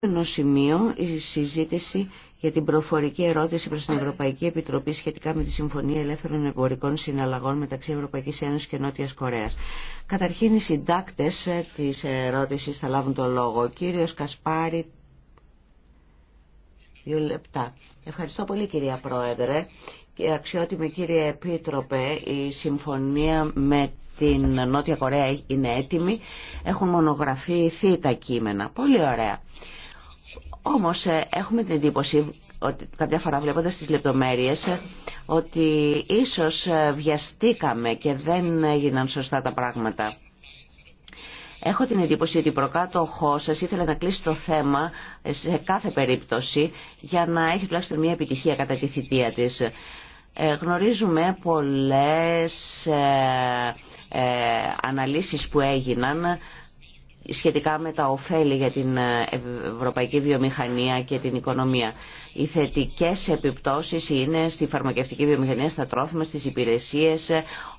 Ένα σημείο η συζήτηση για την προφορική ερώτηση προς την Ευρωπαϊκή Επιτροπή σχετικά με τη Συμφωνία Ελεύθερων Εμπορικών Συναλλαγών μεταξύ Ευρωπαϊκής Ένωσης και Νότιας Κορέας. Καταρχήν οι συντάκτες ε, της ερώτησης θα λάβουν το λόγο. Ο κύριος Κασπάρη, δύο λεπτά. Ευχαριστώ πολύ κυρία Πρόεδρε. Και αξιότιμη κύριε Επίτροπε, η συμφωνία με την Νότια Κορέα είναι έτοιμη. Έχουν μονογραφηθεί τα κείμενα. Πολύ ωραία. Όμως ε, έχουμε την εντύπωση ότι κάποια φορά βλέποντας τις λεπτομέρειες ε, ότι ίσως ε, βιαστήκαμε και δεν έγιναν σωστά τα πράγματα. Έχω την εντύπωση ότι η προκάτοχό σα ήθελε να κλείσει το θέμα σε κάθε περίπτωση για να έχει τουλάχιστον μια επιτυχία κατά τη θητεία τη. γνωρίζουμε πολλές αναλύσεις που έγιναν σχετικά με τα ωφέλη για την ε, ευρωπαϊκή βιομηχανία και την οικονομία. Οι θετικέ επιπτώσεις είναι στη φαρμακευτική βιομηχανία, στα τρόφιμα, στις υπηρεσίες.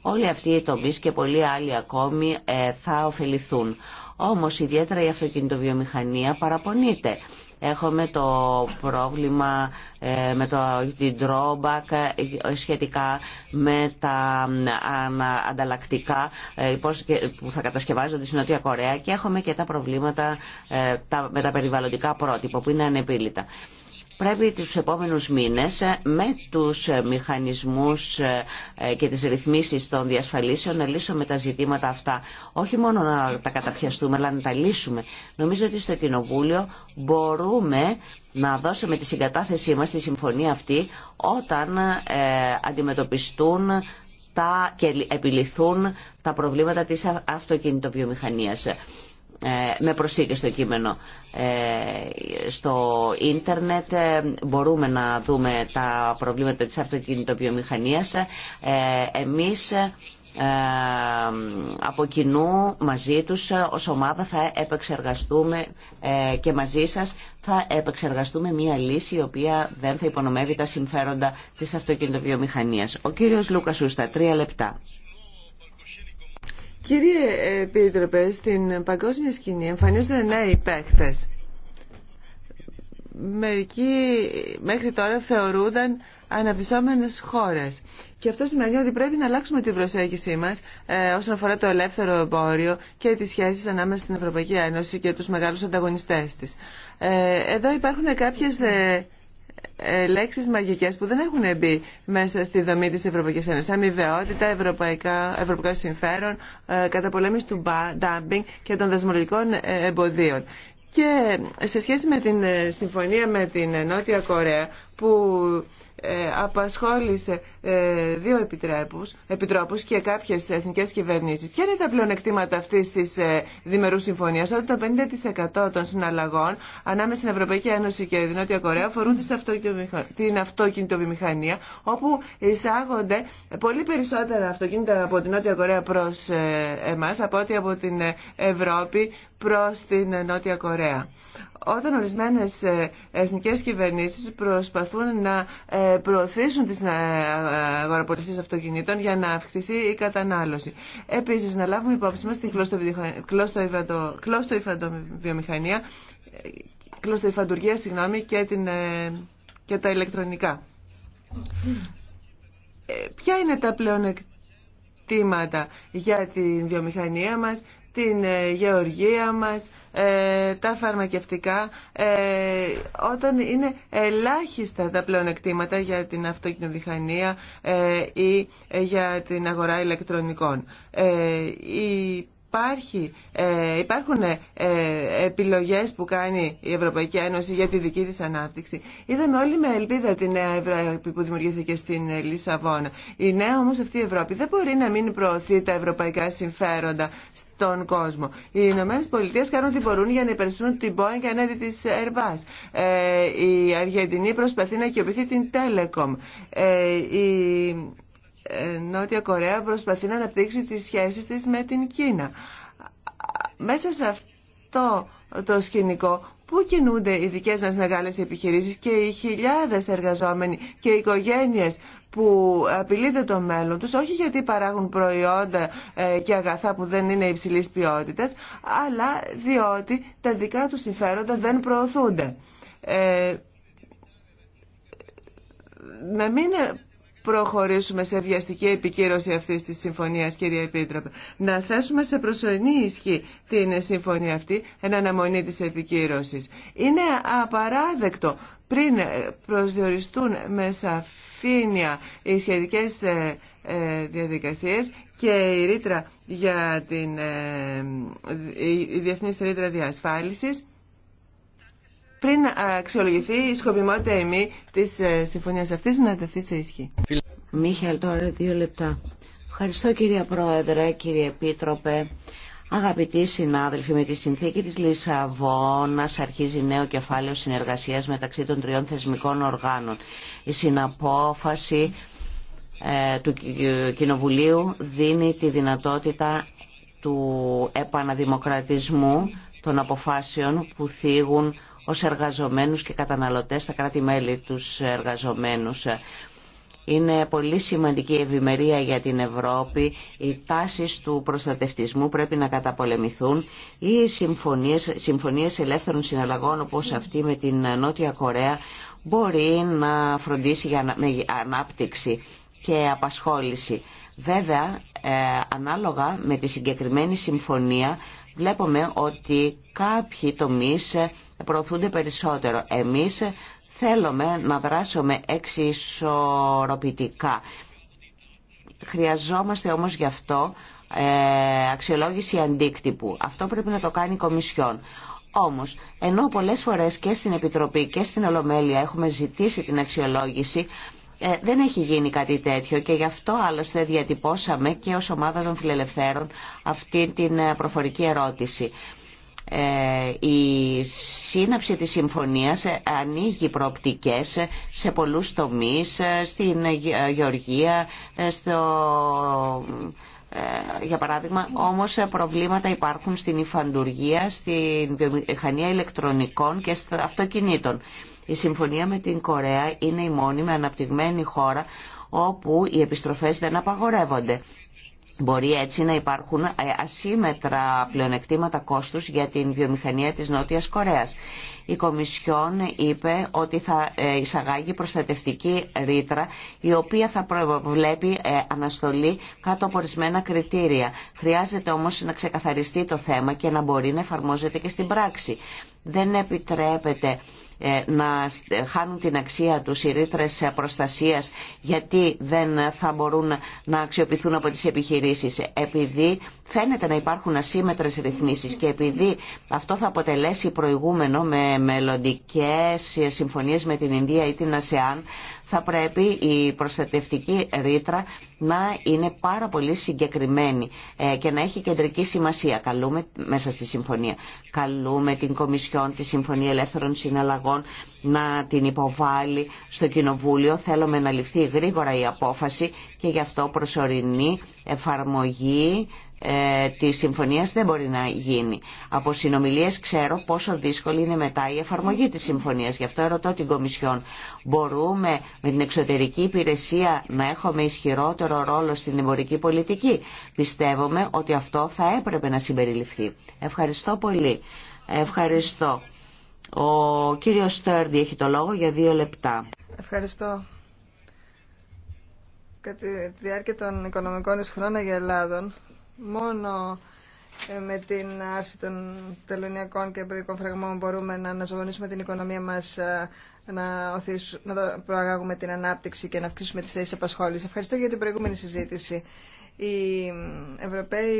Όλοι αυτοί οι τομείς και πολλοί άλλοι ακόμη ε, θα ωφεληθούν. Όμως ιδιαίτερα η αυτοκινητοβιομηχανία παραπονείται Έχουμε το πρόβλημα ε, με το, την drawback ε, σχετικά με τα ανταλλακτικά ε, που θα κατασκευάζονται στην Νότια Κορέα και έχουμε και τα προβλήματα με τα περιβαλλοντικά πρότυπα που είναι ανεπίλητα. Πρέπει τους επόμενους μήνες ε, με τους ε, μηχανισμούς ε, και τις ρυθμίσεις των διασφαλίσεων να λύσουμε τα ζητήματα αυτά. Όχι μόνο να τα καταπιαστούμε, αλλά να τα λύσουμε. Νομίζω ότι στο Κοινοβούλιο μπορούμε να δώσουμε τη συγκατάθεσή μας στη συμφωνία αυτή όταν αντιμετωπιστούν τα και επιληθούν τα προβλήματα της αυτοκινητοβιομηχανίας. Ε, με προσήκη στο κείμενο. Ε, στο ίντερνετ ε, μπορούμε να δούμε τα προβλήματα της αυτοκινητοβιομηχανίας. Εμείς από κοινού μαζί τους ως ομάδα θα επεξεργαστούμε και μαζί σας θα επεξεργαστούμε μια λύση η οποία δεν θα υπονομεύει τα συμφέροντα της αυτοκινητοβιομηχανίας. Ο κύριος Λούκας Ούστα, τρία λεπτά. Κύριε Επίτροπε, στην παγκόσμια σκηνή εμφανίζονται νέοι παίκτες. Μερικοί μέχρι τώρα θεωρούνταν αναπτυσσόμενε χώρες. Και αυτό σημαίνει ότι πρέπει να αλλάξουμε την προσέγγιση μας ε, όσον αφορά το ελεύθερο εμπόριο και τι σχέσει ανάμεσα στην Ευρωπαϊκή Ένωση και τους μεγάλους ανταγωνιστές τη Ε, εδώ υπάρχουν κάποιε. Ε, ε, λέξεις μαγικές που δεν έχουν μπει μέσα στη δομή της Ευρωπαϊκής Ένωσης. Αμοιβαιότητα, ευρωπαϊκά, ευρωπαϊκό συμφέρον, ε, καταπολέμηση του ντάμπινγκ και των δασμολογικών ε, εμποδίων. Και σε σχέση με την συμφωνία με την Νότια Κορέα που ε, απασχόλησε ε, δύο επιτρέπους, επιτρόπους και κάποιες εθνικές κυβερνήσεις. Ποια είναι τα πλεονεκτήματα αυτής της ε, διμερούς συμφωνίας, ότι το 50% των συναλλαγών ανάμεσα στην Ευρωπαϊκή Ένωση και την Νότια Κορέα αφορούν την αυτοκινητοβιομηχανία, όπου εισάγονται πολύ περισσότερα αυτοκίνητα από την Νότια Κορέα προς ε, εμάς, από ό,τι από την Ευρώπη προς την Νότια Κορέα όταν ορισμένες ε, εθνικές κυβερνήσεις προσπαθούν να ε, προωθήσουν τις ε, αγοραπολισίες αυτοκινήτων για να αυξηθεί η κατανάλωση. Επίσης, να λάβουμε υπόψη μας την κλώστο κλωστοϊφαντουργία, συγγνώμη, και, την, και τα ηλεκτρονικά. Ποια είναι τα πλέον για την βιομηχανία μας, την ε, γεωργία μας, ε, τα φαρμακευτικά, ε, όταν είναι ελάχιστα τα πλεονεκτήματα για την αυτοκινοβιχανία ή για την αγορά ηλεκτρονικών. Η υπάρχει, ε, υπάρχουν ε, επιλογές που κάνει η Ευρωπαϊκή Ένωση για τη δική της ανάπτυξη. Είδαμε όλοι με ελπίδα τη νέα Ευρώπη που δημιουργήθηκε στην Λισαβόνα. Η νέα όμως αυτή η Ευρώπη δεν μπορεί να μην προωθεί τα ευρωπαϊκά συμφέροντα στον κόσμο. Οι Ηνωμένε Πολιτείε κάνουν ό,τι μπορούν για να υπερσούν την Boeing ανέδει της Airbus. Ε, η Αργεντινή προσπαθεί να κοιοποιηθεί την Telecom. Ε, η Νότια Κορέα προσπαθεί να αναπτύξει τις σχέσεις της με την Κίνα. Μέσα σε αυτό το σκηνικό Πού κινούνται οι δικές μας μεγάλες επιχειρήσεις και οι χιλιάδες εργαζόμενοι και οι οικογένειες που απειλείται το μέλλον τους, όχι γιατί παράγουν προϊόντα ε, και αγαθά που δεν είναι υψηλής ποιότητας, αλλά διότι τα δικά τους συμφέροντα δεν προωθούνται. Ε, προχωρήσουμε σε βιαστική επικύρωση αυτής της συμφωνίας, κύριε Επίτροπε. Να θέσουμε σε προσωρινή ισχύ την συμφωνία αυτή, εν αναμονή της επικύρωσης. Είναι απαράδεκτο πριν προσδιοριστούν με σαφήνεια οι σχετικές ε, ε, διαδικασίες και η ρήτρα για την ε, η ρήτρα διασφάλισης πριν αξιολογηθεί η σκοπιμότητα ημί της ε, συμφωνίας αυτής να τεθεί σε ισχύ. Μίχαλ, τώρα δύο λεπτά. Ευχαριστώ κύριε Πρόεδρε, κύριε Επίτροπε. Αγαπητοί συνάδελφοι, με τη συνθήκη της Λισαβόνας αρχίζει νέο κεφάλαιο συνεργασίας μεταξύ των τριών θεσμικών οργάνων. Η συναπόφαση ε, του ε, Κοινοβουλίου δίνει τη δυνατότητα του επαναδημοκρατισμού των αποφάσεων που θίγουν ως εργαζομένους και καταναλωτές στα κράτη-μέλη τους εργαζομένους. Είναι πολύ σημαντική ευημερία για την Ευρώπη. Οι τάσεις του προστατευτισμού πρέπει να καταπολεμηθούν. Οι συμφωνίες, συμφωνίες ελεύθερων συναλλαγών όπως αυτή με την Νότια Κορέα μπορεί να φροντίσει για ανάπτυξη και απασχόληση. Βέβαια, ε, ανάλογα με τη συγκεκριμένη συμφωνία βλέπουμε ότι κάποιοι τομείς προωθούνται περισσότερο. Εμείς θέλουμε να δράσουμε εξισορροπητικά. Χρειαζόμαστε όμως γι' αυτό ε, αξιολόγηση αντίκτυπου. Αυτό πρέπει να το κάνει η Κομισιόν. Όμως, ενώ πολλές φορές και στην Επιτροπή και στην Ολομέλεια έχουμε ζητήσει την αξιολόγηση, ε, δεν έχει γίνει κάτι τέτοιο και γι' αυτό άλλωστε διατυπώσαμε και ως ομάδα των φιλελευθέρων αυτή την ε, προφορική ερώτηση. Ε, η σύναψη της συμφωνίας ανοίγει προοπτικές σε πολλούς τομείς, στην γεωργία, στο, ε, για παράδειγμα, όμως προβλήματα υπάρχουν στην υφαντουργία, στην βιομηχανία ηλεκτρονικών και στα αυτοκινήτων. Η συμφωνία με την Κορέα είναι η μόνη με αναπτυγμένη χώρα όπου οι επιστροφές δεν απαγορεύονται. Μπορεί έτσι να υπάρχουν ε, ασύμετρα πλεονεκτήματα κόστους για την βιομηχανία της Νότιας Κορέας. Η Κομισιόν είπε ότι θα ε, εισαγάγει προστατευτική ρήτρα η οποία θα προβλέπει ε, αναστολή κάτω από ορισμένα κριτήρια. Χρειάζεται όμως να ξεκαθαριστεί το θέμα και να μπορεί να εφαρμόζεται και στην πράξη δεν επιτρέπεται ε, να ε, χάνουν την αξία τους οι ρήτρες ε, προστασίας γιατί δεν θα μπορούν να αξιοποιηθούν από τις επιχειρήσεις επειδή φαίνεται να υπάρχουν ασύμετρες ρυθμίσεις και επειδή αυτό θα αποτελέσει προηγούμενο με μελλοντικέ συμφωνίες με την Ινδία ή την ΑΣΕΑΝ θα πρέπει η προστατευτική ρήτρα να είναι πάρα πολύ συγκεκριμένη ε, και να έχει κεντρική σημασία. Καλούμε μέσα στη συμφωνία. Καλούμε την Κομισιόν, τη Συμφωνία Ελεύθερων Συναλλαγών να την υποβάλει στο Κοινοβούλιο. Θέλουμε να ληφθεί γρήγορα η απόφαση και γι' αυτό προσωρινή εφαρμογή ε, τη συμφωνίας δεν μπορεί να γίνει. Από συνομιλίε, ξέρω πόσο δύσκολη είναι μετά η εφαρμογή της συμφωνίας. Γι' αυτό ερωτώ την Κομισιόν. Μπορούμε με την εξωτερική υπηρεσία να έχουμε ισχυρότερο ρόλο στην εμπορική πολιτική. Πιστεύουμε ότι αυτό θα έπρεπε να συμπεριληφθεί. Ευχαριστώ πολύ. Ευχαριστώ. Ο κύριο Στέρντι έχει το λόγο για δύο λεπτά. Ευχαριστώ. Κατά τη διάρκεια των οικονομικών εισχρών για μόνο ε, με την άρση των τελωνιακών και εμπορικών φραγμών μπορούμε να αναζωογονήσουμε την οικονομία μας, ε, να, να προαγάγουμε την ανάπτυξη και να αυξήσουμε τις θέσεις απασχόλησης. Ευχαριστώ για την προηγούμενη συζήτηση. Οι ε, Ευρωπαίοι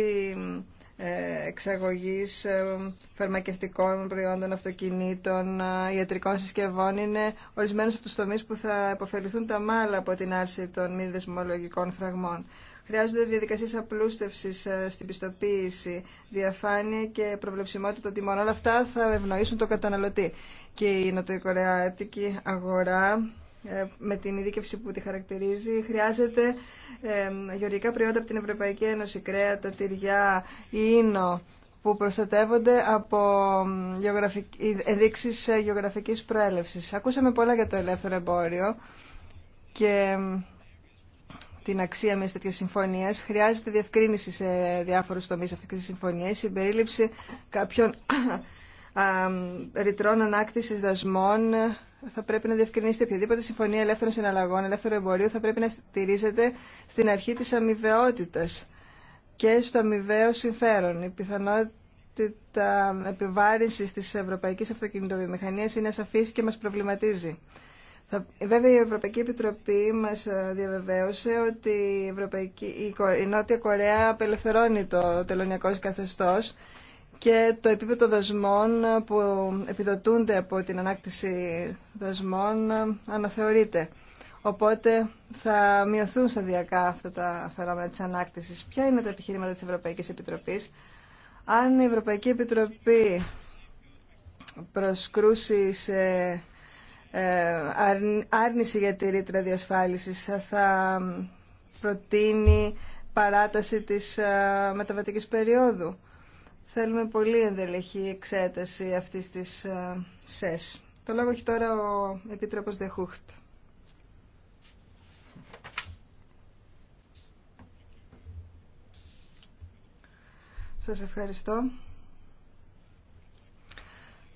εξαγωγής φαρμακευτικών προϊόντων, αυτοκινήτων, ιατρικών συσκευών είναι ορισμένους από τους τομείς που θα υποφεληθούν τα μάλλα από την άρση των μη δεσμολογικών φραγμών. Χρειάζονται διαδικασίες απλούστευσης ε, στην πιστοποίηση, διαφάνεια και προβλεψιμότητα των τιμών. Όλα αυτά θα ευνοήσουν τον καταναλωτή. Και η νοτοικορεατική αγορά ε, με την ειδίκευση που τη χαρακτηρίζει χρειάζεται ε, γεωργικά προϊόντα από την Ευρωπαϊκή Ένωση, κρέατα, τυριά, ίνο που προστατεύονται από ενδείξει γεωγραφικής προέλευσης. Ακούσαμε πολλά για το ελεύθερο εμπόριο και την αξία μια τέτοια συμφωνία, χρειάζεται διευκρίνηση σε τομεί αυτή τη συμφωνία, η συμπερίληψη κάποιων ρητρών ανάκτηση δασμών, θα πρέπει να διευκρινίσετε οποιαδήποτε συμφωνία ελεύθερων συναλλαγών, ελεύθερου εμπορίου, θα πρέπει να στηρίζεται στην αρχή της αμοιβαιότητα και στο αμοιβαίο συμφέρον. Η πιθανότητα επιβάρυνσης τη Ευρωπαϊκή αυτοκινητοβιομηχανίας είναι ασαφής και μας προβληματίζει. Θα, βέβαια η Ευρωπαϊκή Επιτροπή μας ε, διαβεβαίωσε ότι η, Ευρωπαϊκή, η Νότια Κορέα απελευθερώνει το τελωνιακό καθεστώς και το επίπεδο δασμών που επιδοτούνται από την ανάκτηση δασμών ε, αναθεωρείται. Οπότε θα μειωθούν σταδιακά αυτά τα φαινόμενα της ανάκτησης. Ποια είναι τα επιχειρήματα της Ευρωπαϊκής Επιτροπής. Αν η Ευρωπαϊκή Επιτροπή προσκρούσει σε ε, άρνηση για τη ρήτρα διασφάλισης θα προτείνει παράταση της ε, μεταβατικής περίοδου. Θέλουμε πολύ ενδελεχή εξέταση αυτής της ε, ΣΕΣ. Το λόγο έχει τώρα ο Επίτροπος Δεχούχτ. Σας ευχαριστώ.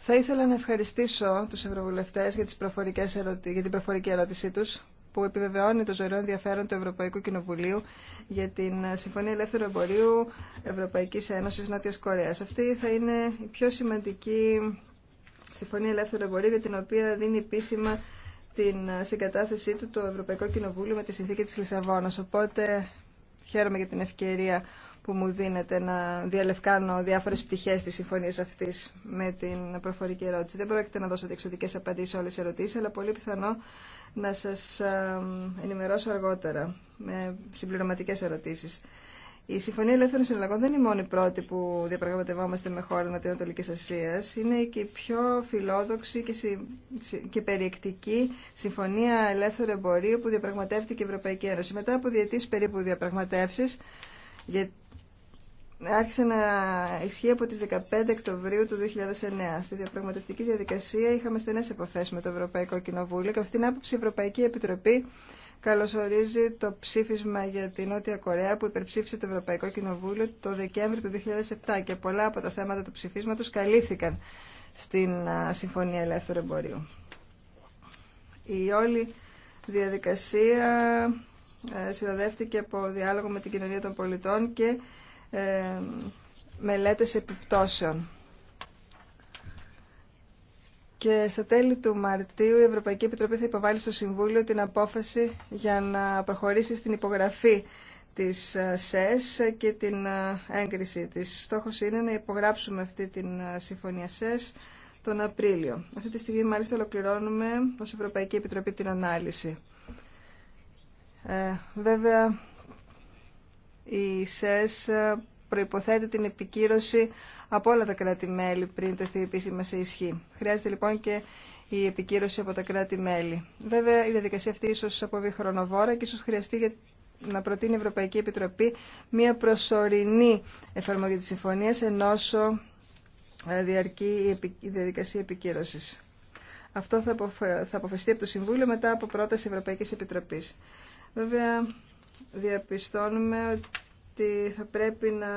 Θα ήθελα να ευχαριστήσω του ευρωβουλευτέ για, ερωτη... για την προφορική ερώτησή του που επιβεβαιώνει το ζωηρό ενδιαφέρον του Ευρωπαϊκού Κοινοβουλίου για την Συμφωνία Ελεύθερου Εμπορίου Ευρωπαϊκή Ένωση Νότια Κορέα. Αυτή θα είναι η πιο σημαντική Συμφωνία Ελεύθερου Εμπορίου για την οποία δίνει επίσημα την συγκατάθεσή του το Ευρωπαϊκό Κοινοβούλιο με τη συνθήκη τη Λισαβόνα, Οπότε χαίρομαι για την ευκαιρία που μου δίνεται να διαλευκάνω διάφορε πτυχέ τη συμφωνίας αυτή με την προφορική ερώτηση. Δεν πρόκειται να δώσω διεξοδικέ απαντήσεις σε όλε τι ερωτήσει, αλλά πολύ πιθανό να σα ενημερώσω αργότερα με συμπληρωματικέ ερωτήσει. Η Συμφωνία Ελεύθερων Συναλλαγών δεν είναι η μόνη πρώτη που διαπραγματευόμαστε με χώρε Νοτιοανατολική Ασία. Είναι και η πιο φιλόδοξη και, περιεκτική Συμφωνία Ελεύθερου Εμπορίου που διαπραγματεύτηκε η Ευρωπαϊκή Ένωση. Μετά από διετή περίπου διαπραγματεύσει, άρχισε να ισχύει από τις 15 Οκτωβρίου του 2009. Στη διαπραγματευτική διαδικασία είχαμε στενές επαφές με το Ευρωπαϊκό Κοινοβούλιο και αυτήν την άποψη η Ευρωπαϊκή Επιτροπή καλωσορίζει το ψήφισμα για την Νότια Κορέα που υπερψήφισε το Ευρωπαϊκό Κοινοβούλιο το Δεκέμβριο του 2007 και πολλά από τα θέματα του ψηφίσματος καλύφθηκαν στην Συμφωνία Ελεύθερου Εμπορίου. Η όλη διαδικασία ε, συνοδεύτηκε από διάλογο με την κοινωνία των πολιτών και ε, μελέτες επιπτώσεων. Και στα τέλη του Μαρτίου η Ευρωπαϊκή Επιτροπή θα υποβάλει στο Συμβούλιο την απόφαση για να προχωρήσει στην υπογραφή της ε, ΣΕΣ και την ε, έγκριση της. Στόχος είναι να υπογράψουμε αυτή την συμφωνία ΣΕΣ τον Απρίλιο. Αυτή τη στιγμή μάλιστα ολοκληρώνουμε ως Ευρωπαϊκή Επιτροπή την ανάλυση. βέβαια η ΣΕΣ ε, προϋποθέτει την επικύρωση από όλα τα κράτη-μέλη πριν τεθεί επίσημα σε ισχύ. Χρειάζεται λοιπόν και η επικύρωση από τα κράτη-μέλη. Βέβαια, η διαδικασία αυτή ίσως αποβεί χρονοβόρα και ίσω χρειαστεί για να προτείνει η Ευρωπαϊκή Επιτροπή μια προσωρινή εφαρμογή της συμφωνίας ενώσο ε, διαρκεί η διαδικασία επικύρωσης. Αυτό θα, θα αποφασιστεί από το Συμβούλιο μετά από πρόταση Ευρωπαϊκής Επιτροπής. Βέβαια, διαπιστώνουμε ότι θα πρέπει να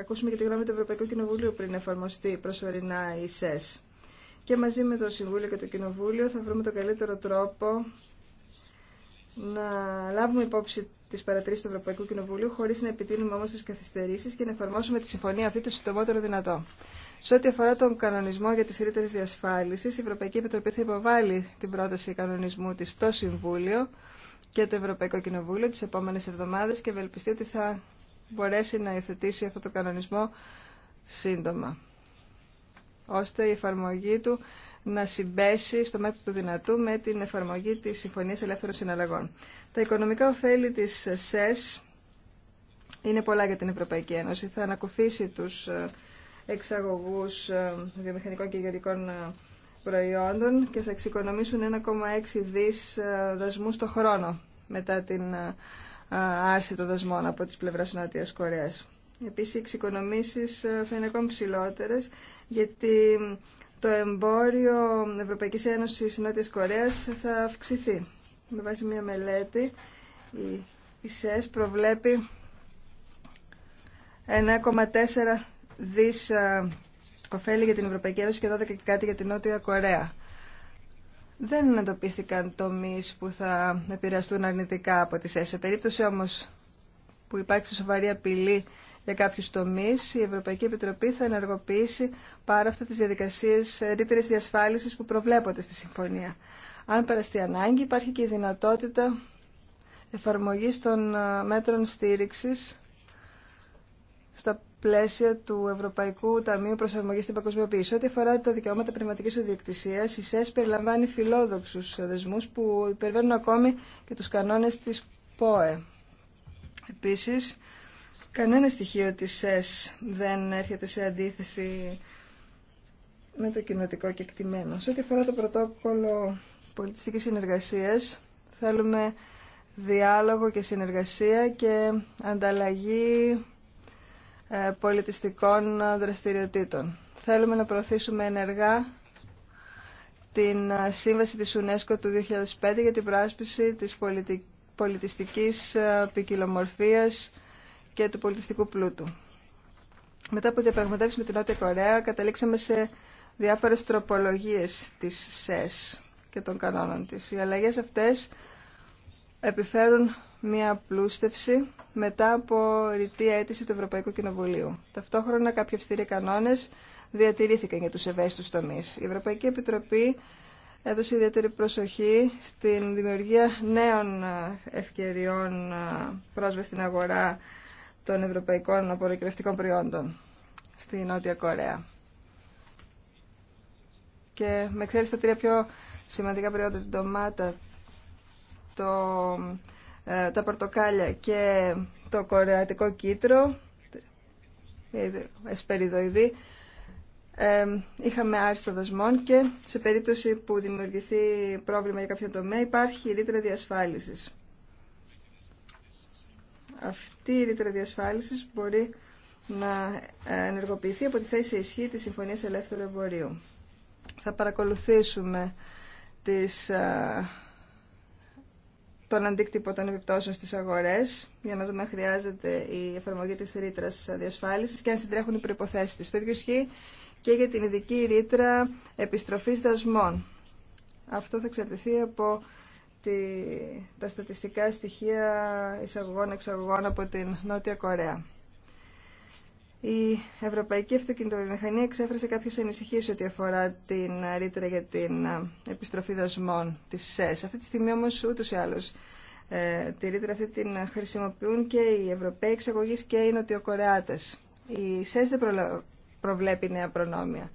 ακούσουμε και τη γνώμη του Ευρωπαϊκού Κοινοβουλίου πριν εφαρμοστεί προσωρινά η ΣΕΣ. Και μαζί με το Συμβούλιο και το Κοινοβούλιο θα βρούμε τον καλύτερο τρόπο να λάβουμε υπόψη τι παρατηρήσει του Ευρωπαϊκού Κοινοβουλίου, χωρί να επιτείνουμε όμω τι καθυστερήσει και να εφαρμόσουμε τη συμφωνία αυτή το συντομότερο δυνατό. Σε ό,τι αφορά τον κανονισμό για τι ρήτρε διασφάλιση, η Ευρωπαϊκή Επιτροπή θα υποβάλει την πρόταση κανονισμού τη στο Συμβούλιο και το Ευρωπαϊκό Κοινοβούλιο τι επόμενε εβδομάδε και ευελπιστεί ότι θα μπορέσει να υιοθετήσει αυτό το κανονισμό σύντομα, ώστε η εφαρμογή του να συμπέσει στο μέτρο του δυνατού με την εφαρμογή της Συμφωνίας Ελεύθερων Συναλλαγών. Τα οικονομικά ωφέλη της ΣΕΣ είναι πολλά για την Ευρωπαϊκή Ένωση. Θα ανακουφίσει τους ε, εξαγωγούς ε, βιομηχανικών και γεωργικών ε, προϊόντων και θα εξοικονομήσουν 1,6 δις δασμού το χρόνο μετά την άρση των δεσμών από τις πλευράς της Νότιας Κορέας. Επίσης, οι εξοικονομήσεις θα είναι ακόμη ψηλότερες, γιατί το εμπόριο Ευρωπαϊκής Ένωσης Νότιας Κορέας θα αυξηθεί. Με βάση μια μελέτη, η ΣΕΣ προβλέπει 1,4 δις ωφέλη για την Ευρωπαϊκή Ένωση και 12 και κάτι για την Νότια Κορέα δεν εντοπίστηκαν τομεί που θα επηρεαστούν αρνητικά από τις ΕΣΕ. Περίπτωση όμως που υπάρξει σοβαρή απειλή για κάποιου τομεί, η Ευρωπαϊκή Επιτροπή θα ενεργοποιήσει πάρα αυτέ τι διαδικασίε ρήτρε διασφάλιση που προβλέπονται στη συμφωνία. Αν περαστεί ανάγκη, υπάρχει και η δυνατότητα εφαρμογή των ε, μέτρων στήριξη στα πλαίσια του Ευρωπαϊκού Ταμείου Προσαρμογή στην Παγκοσμιοποίηση. Ό,τι αφορά τα δικαιώματα πνευματική ιδιοκτησία, η ΣΕΣ περιλαμβάνει φιλόδοξου δεσμού που υπερβαίνουν ακόμη και του κανόνε τη ΠΟΕ. Επίση, κανένα στοιχείο τη ΣΕΣ δεν έρχεται σε αντίθεση με το κοινοτικό κεκτημένο. Σε ό,τι αφορά το πρωτόκολλο πολιτιστικής συνεργασίας, θέλουμε διάλογο και συνεργασία και ανταλλαγή ε, πολιτιστικών δραστηριοτήτων. Θέλουμε να προωθήσουμε ενεργά την ε, σύμβαση της UNESCO του 2005 για την πράσπιση της πολιτιστικής ε, ποικιλομορφία και του πολιτιστικού πλούτου. Μετά από διαπραγματεύσεις με την Νότια Κορέα, καταλήξαμε σε διάφορες τροπολογίες της ΣΕΣ και των κανόνων της. Οι αλλαγές αυτές επιφέρουν μία πλούστευση μετά από ρητή αίτηση του Ευρωπαϊκού Κοινοβουλίου. Ταυτόχρονα κάποιοι αυστηροί κανόνε διατηρήθηκαν για του ευαίσθητου τομεί. Η Ευρωπαϊκή Επιτροπή έδωσε ιδιαίτερη προσοχή στην δημιουργία νέων ε, ευκαιριών ε, πρόσβαση στην αγορά των ευρωπαϊκών απορροκυρευτικών προϊόντων στη Νότια Κορέα. Και με εξαίρεση τα τρία πιο σημαντικά προϊόντα, την ντομάτα, το ε, τα πορτοκάλια και το κορεατικό κίτρο, ε, εσπεριδοειδή, ε, είχαμε άριστα δασμών και σε περίπτωση που δημιουργηθεί πρόβλημα για κάποιο τομέα υπάρχει ρήτρα διασφάλισης. Αυτή η ρήτρα διασφάλισης μπορεί να ενεργοποιηθεί από τη θέση ισχύ της Συμφωνίας Ελεύθερου Εμπορίου. Θα παρακολουθήσουμε τις τον αντίκτυπο των επιπτώσεων στις αγορές για να δούμε αν χρειάζεται η εφαρμογή της ρήτρα διασφάλισης και αν συντρέχουν οι προϋποθέσεις της. Το ίδιο ισχύει και για την ειδική ρήτρα επιστροφής δασμών. Αυτό θα εξαρτηθεί από τη, τα στατιστικά στοιχεία εισαγωγών-εξαγωγών από την Νότια Κορέα. Η Ευρωπαϊκή Αυτοκινητοβιομηχανία εξέφρασε κάποιες ανησυχίες ό,τι αφορά την ρήτρα για την ε, επιστροφή δασμών της ΣΕΣ. Αυτή τη στιγμή όμως ούτως ή άλλως ε, τη ρήτρα αυτή την χρησιμοποιούν και οι Ευρωπαίοι εξαγωγείς και οι Νοτιοκορεάτες. Η ΣΕΣ δεν προβλέπει νέα προνόμια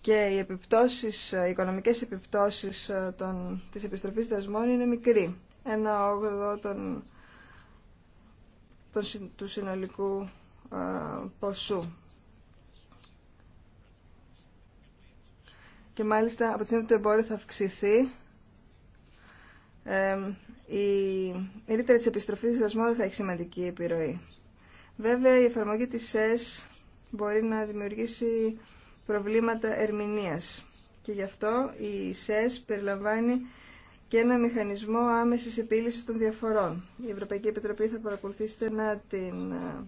και οι, επιπτώσεις, ε, οι οικονομικές επιπτώσεις των, της επιστροφής δασμών είναι μικρή. Ένα όγδο των, του συνολικού ποσού. Και μάλιστα από τη στιγμή που το εμπόριο θα αυξηθεί, η ρήτρα της επιστροφής της δεν θα έχει σημαντική επιρροή. Βέβαια, η εφαρμογή της ΣΕΣ μπορεί να δημιουργήσει προβλήματα ερμηνείας και γι' αυτό η ΣΕΣ περιλαμβάνει και ένα μηχανισμό άμεσης επίλυσης των διαφορών. Η Ευρωπαϊκή Επιτροπή θα παρακολουθήσετε στενά την ε,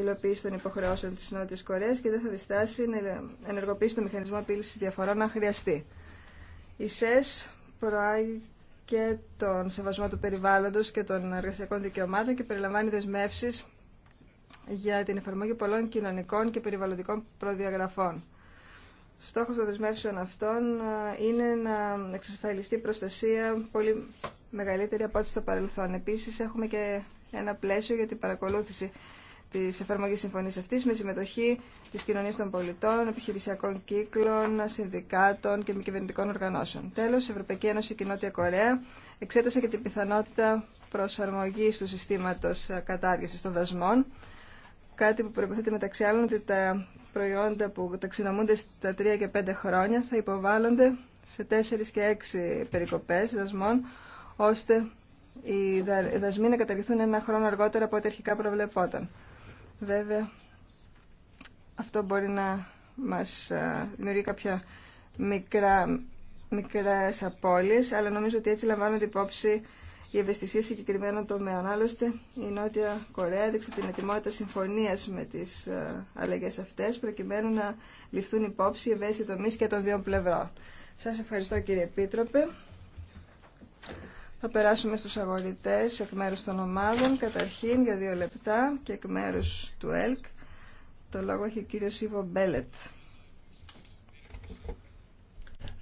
υλοποίηση των υποχρεώσεων τη Νότια Κορέα και δεν θα διστάσει να ενεργοποιήσει το μηχανισμό απειλήση διαφορών αν χρειαστεί. Η ΣΕΣ προάγει και τον σεβασμό του περιβάλλοντο και των εργασιακών δικαιωμάτων και περιλαμβάνει δεσμεύσει για την εφαρμογή πολλών κοινωνικών και περιβαλλοντικών προδιαγραφών. Στόχο των δεσμεύσεων αυτών ε, είναι να εξασφαλιστεί προστασία πολύ μεγαλύτερη από ό,τι στο παρελθόν. Επίση, έχουμε και ένα πλαίσιο για την παρακολούθηση τη εφαρμογή συμφωνία αυτή με συμμετοχή τη κοινωνία των πολιτών, επιχειρησιακών κύκλων, συνδικάτων και μη κυβερνητικών οργανώσεων. Τέλο, η Ευρωπαϊκή Ένωση και η Νότια Κορέα εξέτασαν και την πιθανότητα προσαρμογή του συστήματο ε, κατάργηση των δασμών, κάτι που προποθέτει μεταξύ άλλων ότι τα προϊόντα που ταξινομούνται στα 3 και 5 χρόνια θα υποβάλλονται σε 4 και 6 περικοπέ δασμών, ώστε οι δασμοί να καταργηθούν ένα χρόνο αργότερα από ό,τι αρχικά προβλεπόταν. Βέβαια, αυτό μπορεί να μας δημιουργεί κάποια μικρά, μικρές απώλειες, αλλά νομίζω ότι έτσι λαμβάνονται υπόψη η ευαισθησία συγκεκριμένων τομέων. Άλλωστε, η Νότια Κορέα έδειξε την ετοιμότητα συμφωνία με τι αλλαγέ αυτέ, προκειμένου να ληφθούν υπόψη οι ευαίσθητοι τομεί και των δύο πλευρών. Σα ευχαριστώ, κύριε Επίτροπε. Θα περάσουμε στους αγορητές εκ μέρους των ομάδων, καταρχήν για δύο λεπτά και εκ μέρους του ΕΛΚ. Το λόγο έχει ο κύριος Ιβο Μπέλετ.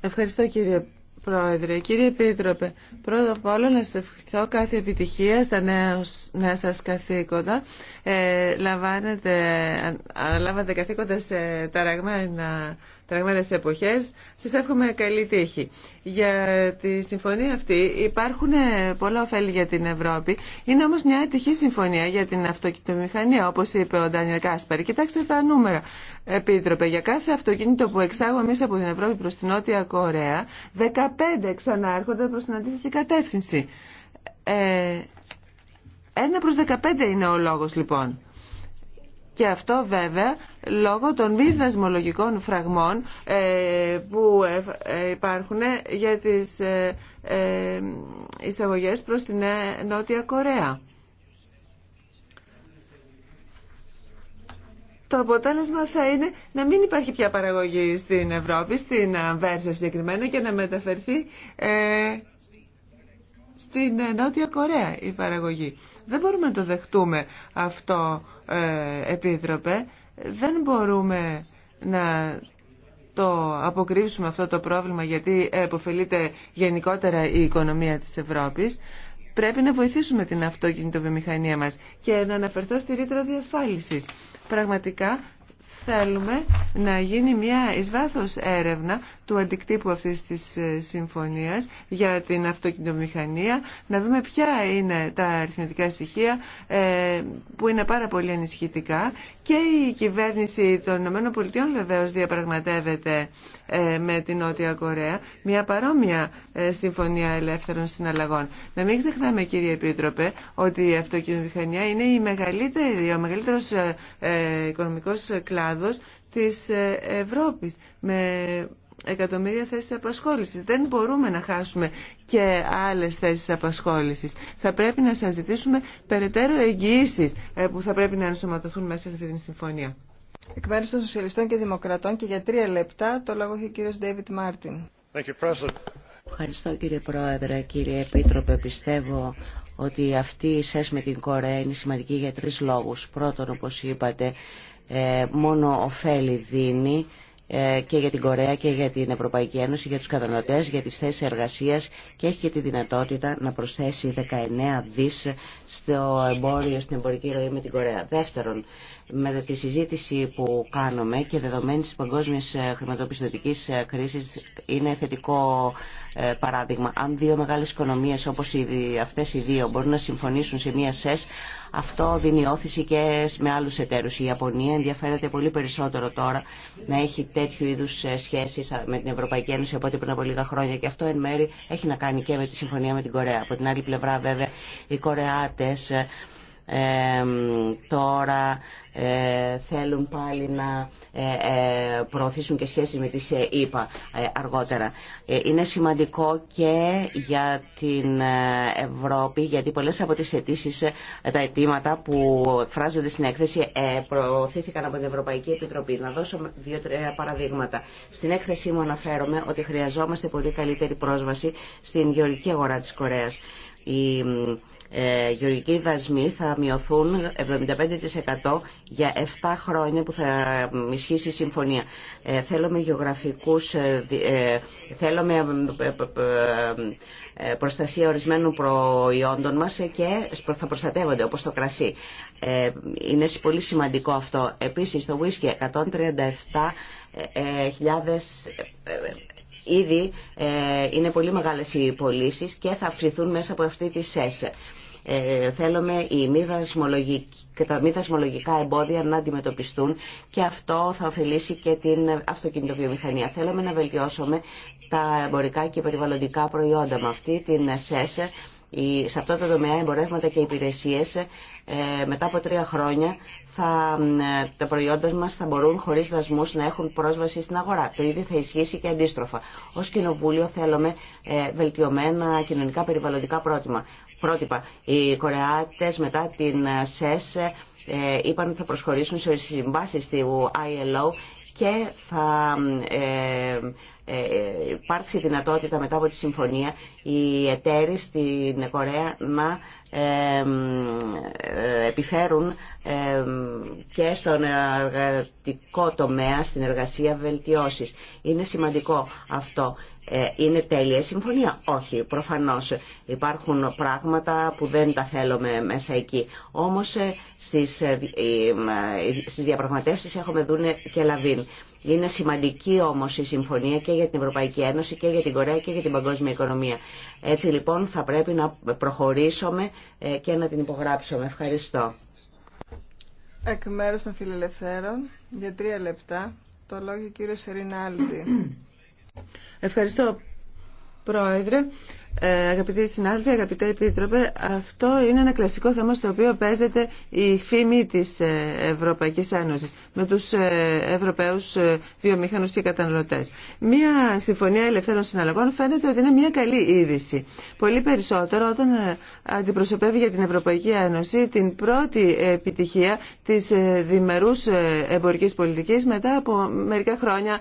Ευχαριστώ κύριε Πρόεδρε. Κύριε Επίτροπε, πρώτα απ' όλα να σας ευχηθώ κάθε επιτυχία στα νέα, νέα σας καθήκοντα. Ε, λαμβάνετε, αναλάβατε καθήκοντα σε ταραγμένα τραγμένες εποχές. Σας εύχομαι καλή τύχη. Για τη συμφωνία αυτή υπάρχουν ε, πολλά ωφέλη για την Ευρώπη. Είναι όμως μια ατυχή συμφωνία για την αυτοκινητομηχανία, όπως είπε ο Ντάνιελ Κάσπαρη. Κοιτάξτε τα νούμερα. Επίτροπε, για κάθε αυτοκίνητο που εξάγουμε εμεί από την Ευρώπη προς την Νότια Κορέα, 15 ξανάρχονται προς την αντίθετη κατεύθυνση. Ε, 1 προς 15 είναι ο λόγος λοιπόν. Και αυτό βέβαια λόγω των μη δασμολογικών φραγμών ε, που ε, υπάρχουν για τις ε, εισαγωγές προς την Νότια Κορέα. Το αποτέλεσμα θα είναι να μην υπάρχει πια παραγωγή στην Ευρώπη, στην Αμβέρσα συγκεκριμένα, και να μεταφερθεί στην Νότια Κορέα η παραγωγή. Δεν μπορούμε να το δεχτούμε αυτό, ε, Επίτροπε. Δεν μπορούμε να το αποκρύψουμε αυτό το πρόβλημα γιατί ε, επωφελείται γενικότερα η οικονομία της Ευρώπης. Πρέπει να βοηθήσουμε την αυτοκινητοβιομηχανία μας και να αναφερθώ στη ρήτρα διασφάλισης. Πραγματικά θέλουμε να γίνει μια εισβάθος έρευνα του αντικτύπου αυτής της ε, συμφωνίας για την αυτοκινητομηχανία, να δούμε ποια είναι τα αριθμητικά στοιχεία ε, που είναι πάρα πολύ ανισχυτικά και η κυβέρνηση των ΗΠΑ βεβαίως διαπραγματεύεται ε, με την Νότια Κορέα μια παρόμοια συμφωνία ελεύθερων συναλλαγών. Να μην ξεχνάμε κύριε Επίτροπε ότι η αυτοκινητομηχανία είναι η μεγαλύτερη, ο μεγαλύτερος οικονομικός κλάδος κλάδος της ε, Ευρώπης με εκατομμύρια θέσεις απασχόλησης. Δεν μπορούμε να χάσουμε και άλλες θέσεις απασχόλησης. Θα πρέπει να σας ζητήσουμε περαιτέρω εγγυήσεις ε, που θα πρέπει να ενσωματωθούν μέσα σε αυτή τη συμφωνία. Εκ μέρους των Σοσιαλιστών και Δημοκρατών και για τρία λεπτά το λόγο έχει ο κύριος Ντέιβιτ Μάρτιν. Ευχαριστώ κύριε Πρόεδρε, κύριε Επίτροπε. Πιστεύω ότι αυτή η ΣΕΣ με την Κορέα είναι σημαντική για τρεις λόγους. Πρώτον, όπως είπατε, ε, μόνο ωφέλη δίνει ε, και για την Κορέα και για την Ευρωπαϊκή Ένωση, για τους καταναλωτές, για τις θέσεις εργασίας και έχει και τη δυνατότητα να προσθέσει 19 δις στο εμπόριο, στην εμπορική ροή με την Κορέα. Δεύτερον, με τη συζήτηση που κάνουμε και δεδομένη της παγκόσμιας ε, χρηματοπιστωτικής κρίσης είναι θετικό παράδειγμα. Αν δύο μεγάλες οικονομίες όπως αυτές οι δύο μπορούν να συμφωνήσουν σε μία ΣΕΣ, αυτό δίνει όθηση και με άλλου εταίρου. Η Ιαπωνία ενδιαφέρεται πολύ περισσότερο τώρα να έχει τέτοιου είδου ε, σχέσεις με την Ευρωπαϊκή Ένωση από ό,τι πριν από λίγα χρόνια και αυτό εν μέρη έχει να κάνει και με τη συμφωνία με την Κορέα. Από την άλλη πλευρά βέβαια οι Κορεάτες ε, τώρα ε, θέλουν πάλι να ε, ε, προωθήσουν και σχέσεις με τις ε, αργότερα. Είναι σημαντικό και για την Ευρώπη γιατί πολλές από τις αιτήσει, τα αιτήματα που εκφράζονται στην έκθεση προωθήθηκαν από την Ευρωπαϊκή Επιτροπή. Να δώσω δύο-τρία παραδείγματα. Στην έκθεσή μου αναφέρομαι ότι χρειαζόμαστε πολύ καλύτερη πρόσβαση στην γεωργική αγορά της Κορέας. Η ε, γεωργικοί δασμοί θα μειωθούν 75% για 7 χρόνια που θα ισχύσει η συμφωνία. Ε, θέλουμε γεωγραφικούς, ε, θέλουμε προστασία ορισμένων προϊόντων μας και θα προστατεύονται όπως το κρασί. Είναι πολύ σημαντικό αυτό. Επίσης το whisky 137.000 Ήδη ε, είναι πολύ μεγάλες οι πωλήσει και θα αυξηθούν μέσα από αυτή τη ΣΕΣ. Ε, θέλουμε οι μη τα μη δασμολογικά εμπόδια να αντιμετωπιστούν και αυτό θα ωφελήσει και την αυτοκινητοβιομηχανία. Θέλουμε να βελτιώσουμε τα εμπορικά και περιβαλλοντικά προϊόντα με αυτή την ΣΕΣ σε αυτό το τομέα εμπορεύματα και υπηρεσίες ε, μετά από τρία χρόνια θα, ε, τα προϊόντα μα θα μπορούν χωρίς δασμούς να έχουν πρόσβαση στην αγορά. Το ίδιο θα ισχύσει και αντίστροφα. Ω Κοινοβούλιο θέλουμε ε, βελτιωμένα κοινωνικά περιβαλλοντικά πρότυπα. πρότυπα. Οι Κορεάτες μετά την ε, ΣΕΣ είπαν ότι θα προσχωρήσουν σε συμβάσει του ILO και θα ε, ε, υπάρξει δυνατότητα μετά από τη συμφωνία οι εταίροι στην Κορέα να ε, επιφέρουν και στον εργατικό τομέα, στην εργασία βελτιώσεις. Είναι σημαντικό αυτό. Είναι τέλεια συμφωνία. Όχι, προφανώς υπάρχουν πράγματα που δεν τα θέλουμε μέσα εκεί. Όμως στις, στις διαπραγματεύσεις έχουμε δούνε και λαβήν. Είναι σημαντική όμω η συμφωνία και για την Ευρωπαϊκή Ένωση και για την Κορέα και για την παγκόσμια οικονομία. Έτσι λοιπόν θα πρέπει να προχωρήσουμε ε, και να την υπογράψουμε. Ευχαριστώ. Εκ μέρου των φιλελευθέρων, για τρία λεπτά, το λόγο. κύριο Σερινάλντι. Ευχαριστώ, Πρόεδρε. Ε, αγαπητοί συνάδελφοι, αγαπητέ επίτροπε, αυτό είναι ένα κλασικό θέμα στο οποίο παίζεται η φήμη της ε, Ευρωπαϊκής Ένωσης με τους ε, Ευρωπαίους βιομηχανούς και καταναλωτές. Μία συμφωνία ελευθέρων συναλλαγών φαίνεται ότι είναι μια καλή είδηση. Πολύ περισσότερο όταν αντιπροσωπεύει για την Ευρωπαϊκή Ένωση την πρώτη επιτυχία της διμερούς εμπορικής πολιτικής μετά από μερικά χρόνια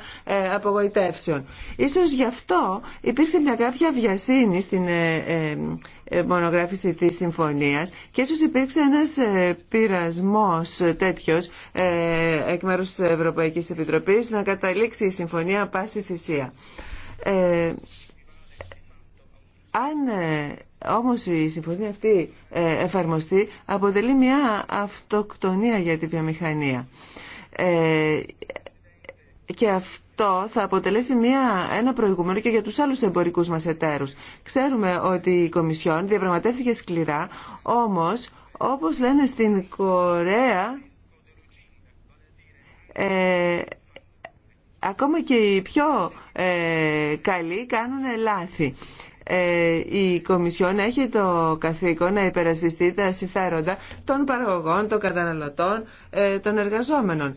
απογοητεύσεων. Ίσως γι' αυτό υπήρξε μια κάποια βιασύνη στην ε, ε, ε, μονογράφηση της συμφωνίας και ίσως υπήρξε ένας πειρασμός τέτοιος εκ μέρους της Ευρωπαϊκής Επιτροπής να καταλήξει η συμφωνία πάση θυσία. αν όμως η συμφωνία αυτή εφαρμοστεί αποτελεί μια αυτοκτονία για τη βιομηχανία. και αυτό αυτό θα αποτελέσει μια, ένα προηγούμενο και για τους άλλους εμπορικούς μας εταίρους. Ξέρουμε ότι η Κομισιόν διαπραγματεύτηκε σκληρά, όμως όπως λένε στην Κορέα ε, ακόμα και οι πιο ε, καλοί κάνουν λάθη. Ε, η Κομισιόν έχει το καθήκον να υπερασπιστεί τα συμφέροντα των παραγωγών, των καταναλωτών, ε, των εργαζόμενων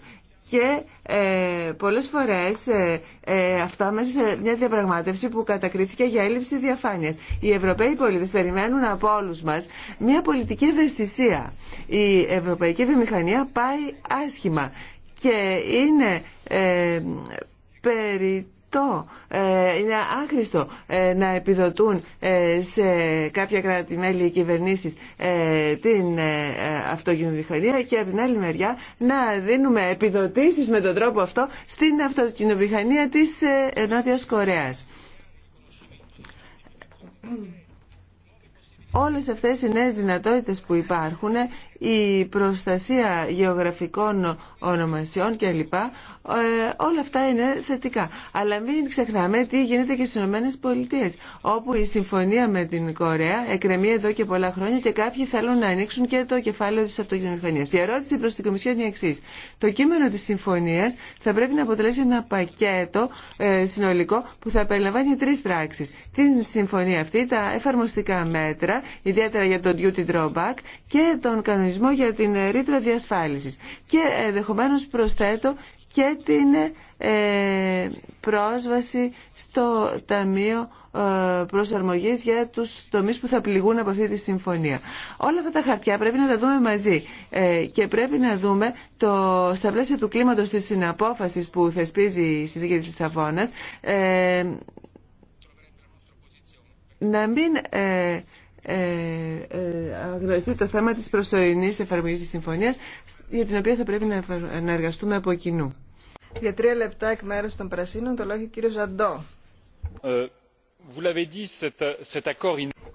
και ε, πολλές φορές ε, ε, αυτά μέσα σε μια διαπραγμάτευση που κατακρίθηκε για έλλειψη διαφάνειας. Οι Ευρωπαίοι πολίτες περιμένουν από όλους μας μια πολιτική ευαισθησία. Η ευρωπαϊκή βιομηχανία πάει άσχημα και είναι ε, περί ε, είναι άχρηστο ε, να επιδοτούν ε, σε κάποια κράτη-μέλη οι την αυτοκινοβιχαρία και από την άλλη μεριά να δίνουμε επιδοτήσεις με τον τρόπο αυτό στην αυτοκινοβιχανία της Νότιας Κορέας. Όλες αυτές οι νέες δυνατότητες που υπάρχουν, η προστασία γεωγραφικών ονομασιών κλπ. Ε, όλα αυτά είναι θετικά. Αλλά μην ξεχνάμε τι γίνεται και στι ΗΠΑ, όπου η συμφωνία με την Κορέα εκρεμεί εδώ και πολλά χρόνια και κάποιοι θέλουν να ανοίξουν και το κεφάλαιο τη αυτοκινητοφωνία. Η ερώτηση προ την Κομισιόν είναι η εξή. Το κείμενο τη συμφωνία θα πρέπει να αποτελέσει ένα πακέτο ε, συνολικό που θα περιλαμβάνει τρει πράξει. Την συμφωνία αυτή, τα εφαρμοστικά μέτρα, ιδιαίτερα για το duty drawback και τον κανονισμό για την ρήτρα διασφάλιση. Και ε, ενδεχομένω προσθέτω και την ε, πρόσβαση στο Ταμείο ε, Προσαρμογής για τους τομείς που θα πληγούν από αυτή τη συμφωνία. Όλα αυτά τα χαρτιά πρέπει να τα δούμε μαζί ε, και πρέπει να δούμε το, στα πλαίσια του κλίματος της συναπόφασης που θεσπίζει η Συνθήκη της Λισαβόνας να μην ε, ε, ε, αγνοηθεί το θέμα της προσωρινής εφαρμογής της συμφωνίας για την οποία θα πρέπει να, να εργαστούμε από κοινού. Για τρία λεπτά εκ μέρους των Πρασίνων το λόγο κύριο Ζαντό. Ε,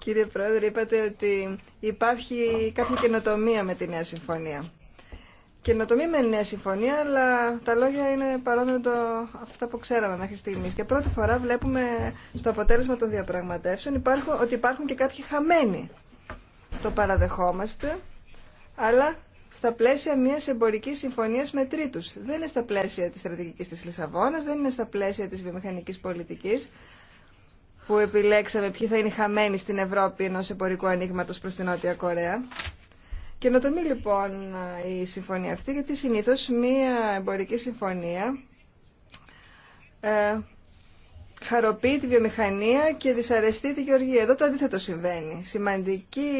Κύριε Πρόεδρε, είπατε ότι υπάρχει κάποια καινοτομία με τη νέα συμφωνία. Καινοτομία με τη νέα συμφωνία, αλλά τα λόγια είναι παρόμοια με αυτά που ξέραμε μέχρι στιγμή. Και πρώτη φορά βλέπουμε στο αποτέλεσμα των διαπραγματεύσεων υπάρχουν, ότι υπάρχουν και κάποιοι χαμένοι. Το παραδεχόμαστε, αλλά στα πλαίσια μια εμπορική συμφωνία με τρίτους. Δεν είναι στα πλαίσια τη στρατηγική τη Λισαβόνα, δεν είναι στα πλαίσια τη βιομηχανική πολιτική που επιλέξαμε ποιοι θα είναι χαμένοι στην Ευρώπη ενό εμπορικού ανοίγματο προ την Νότια Κορέα. Καινοτομή λοιπόν η συμφωνία αυτή, γιατί συνήθω μία εμπορική συμφωνία ε, χαροποιεί τη βιομηχανία και δυσαρεστεί τη γεωργία. Εδώ το αντίθετο συμβαίνει. Σημαντική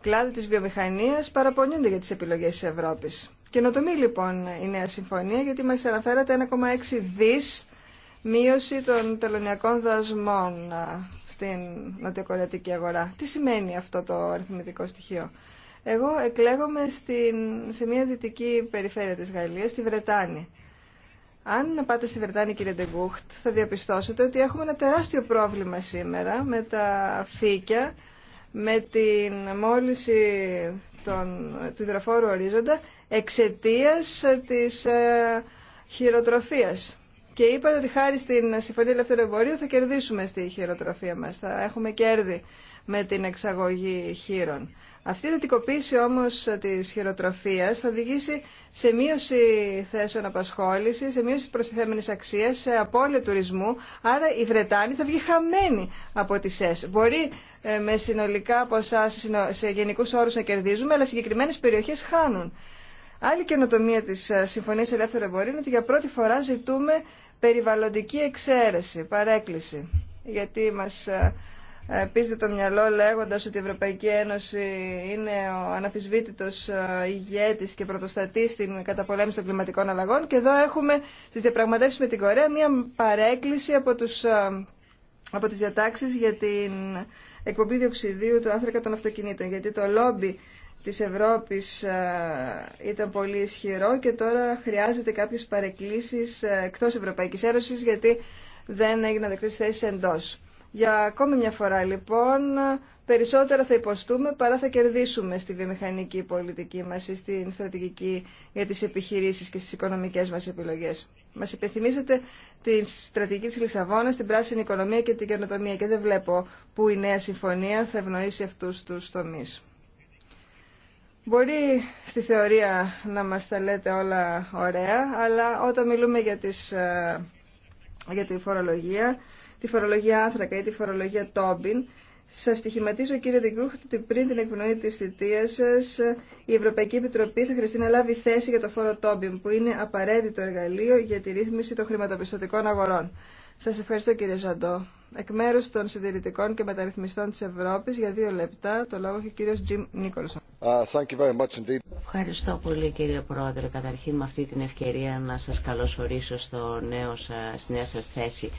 κλάδοι της βιομηχανίας παραπονιούνται για τις επιλογές της Ευρώπης. Καινοτομή λοιπόν η νέα συμφωνία γιατί μας αναφέρατε 1,6 δις μείωση των τελωνιακών δασμών στην νοτιοκορεατική αγορά. Τι σημαίνει αυτό το αριθμητικό στοιχείο. Εγώ εκλέγομαι στην, σε μια δυτική περιφέρεια της Γαλλίας, στη Βρετάνη. Αν πάτε στη Βρετάνη, κύριε Ντεγκούχτ, θα διαπιστώσετε ότι έχουμε ένα τεράστιο πρόβλημα σήμερα με τα φύκια με την μόλυνση του υδροφόρου ορίζοντα εξαιτίας της ε, χειροτροφίας. Και είπατε ότι χάρη στην Συμφωνία Ελεύθερου θα κερδίσουμε στη χειροτροφία μας, θα έχουμε κέρδη με την εξαγωγή χείρων. Αυτή η δυτικοποίηση όμως της χειροτροφίας θα οδηγήσει σε μείωση θέσεων απασχόλησης, σε μείωση προστιθέμενης αξίας, σε απώλεια τουρισμού. Άρα η Βρετάνη θα βγει χαμένη από τι ΣΕΣ. Μπορεί ε, με συνολικά ποσά σε γενικούς όρους να κερδίζουμε, αλλά συγκεκριμένες περιοχές χάνουν. Άλλη καινοτομία της ε, Συμφωνίας Ελεύθερου Εμπορίου είναι ότι για πρώτη φορά ζητούμε περιβαλλοντική εξαίρεση, παρέκκληση. Γιατί μας ε, πείστε το μυαλό λέγοντας ότι η Ευρωπαϊκή Ένωση είναι ο αναφυσβήτητος ε, ηγέτης και πρωτοστατής στην καταπολέμηση των κλιματικών αλλαγών και εδώ έχουμε στις διαπραγματεύσεις με την Κορέα μια παρέκκληση από, τους, ε, από τις διατάξεις για την εκπομπή διοξιδίου του άνθρακα των αυτοκινήτων γιατί το λόμπι της Ευρώπης ε, ήταν πολύ ισχυρό και τώρα χρειάζεται κάποιες παρεκκλήσεις εκτός Ευρωπαϊκής Ένωσης γιατί δεν έγιναν δεκτές θέσεις εντός. Για ακόμη μια φορά λοιπόν περισσότερα θα υποστούμε παρά θα κερδίσουμε στη βιομηχανική πολιτική μας ή στην στρατηγική για τις επιχειρήσεις και στις οικονομικές μας επιλογές. Μας υπενθυμίσατε τη στρατηγική της Λισαβόνας, την πράσινη οικονομία και την καινοτομία και δεν βλέπω που η νέα συμφωνία θα ευνοήσει αυτούς τους τομείς. Μπορεί στη θεωρία να μας τα λέτε όλα ωραία, αλλά όταν μιλούμε για, τις, ε, για τη φορολογία τη φορολογία άθρακα ή τη φορολογία Τόμπιν, Σα στοιχηματίζω, κύριε Δικούχτ, ότι πριν την εκπνοή τη θητεία σα, η Ευρωπαϊκή Επιτροπή θα χρειαστεί να λάβει θέση για το φόρο Τόμπιν, που είναι απαραίτητο εργαλείο για τη ρύθμιση των χρηματοπιστωτικών αγορών. Σα ευχαριστώ, κύριε Ζαντό. Εκ μέρου των συντηρητικών και μεταρρυθμιστών τη Ευρώπη, για δύο λεπτά, το λόγο έχει ο κύριο Τζιμ Νίκολσον. Ευχαριστώ πολύ, κύριε Πρόεδρε. Καταρχήν, με αυτή την ευκαιρία να σα καλωσορίσω στο νέο νέα σα θέση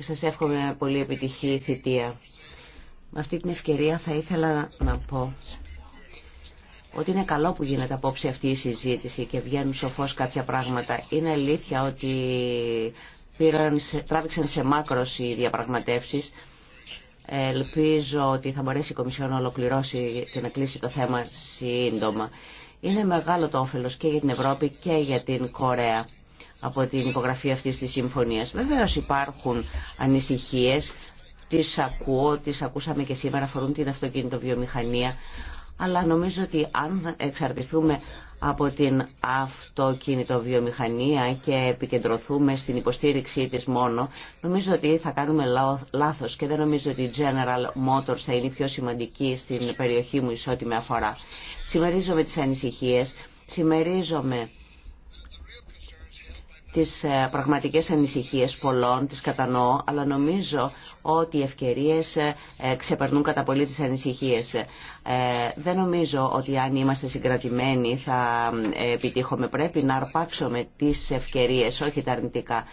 και σας εύχομαι πολύ επιτυχή θητεία. Με αυτή την ευκαιρία θα ήθελα να πω ότι είναι καλό που γίνεται απόψε αυτή η συζήτηση και βγαίνουν σοφώς κάποια πράγματα. Είναι αλήθεια ότι πήραν, τράβηξαν σε μάκρος οι διαπραγματεύσεις. Ελπίζω ότι θα μπορέσει η Κομισιόν να ολοκληρώσει και να κλείσει το θέμα σύντομα. Είναι μεγάλο το όφελος και για την Ευρώπη και για την Κορέα από την υπογραφή αυτής της συμφωνίας. Βεβαίως υπάρχουν ανησυχίες, τις ακούω, τις ακούσαμε και σήμερα, αφορούν την αυτοκινητοβιομηχανία, αλλά νομίζω ότι αν εξαρτηθούμε από την αυτοκινητοβιομηχανία και επικεντρωθούμε στην υποστήριξή της μόνο, νομίζω ότι θα κάνουμε λάθος και δεν νομίζω ότι η General Motors θα είναι η πιο σημαντική στην περιοχή μου ισότιμη αφορά. Συμμερίζομαι τις ανησυχίες, συμμερίζομαι τις ε, πραγματικές ανησυχίες πολλών, τις κατανοώ, αλλά νομίζω ότι οι ευκαιρίες ε, ε, ξεπερνούν κατά πολύ τις ανησυχίες. Δεν νομίζω ότι αν είμαστε συγκρατημένοι θα επιτύχουμε. Πρέπει να αρπάξουμε τις ευκαιρίες, όχι τα αρνητικά.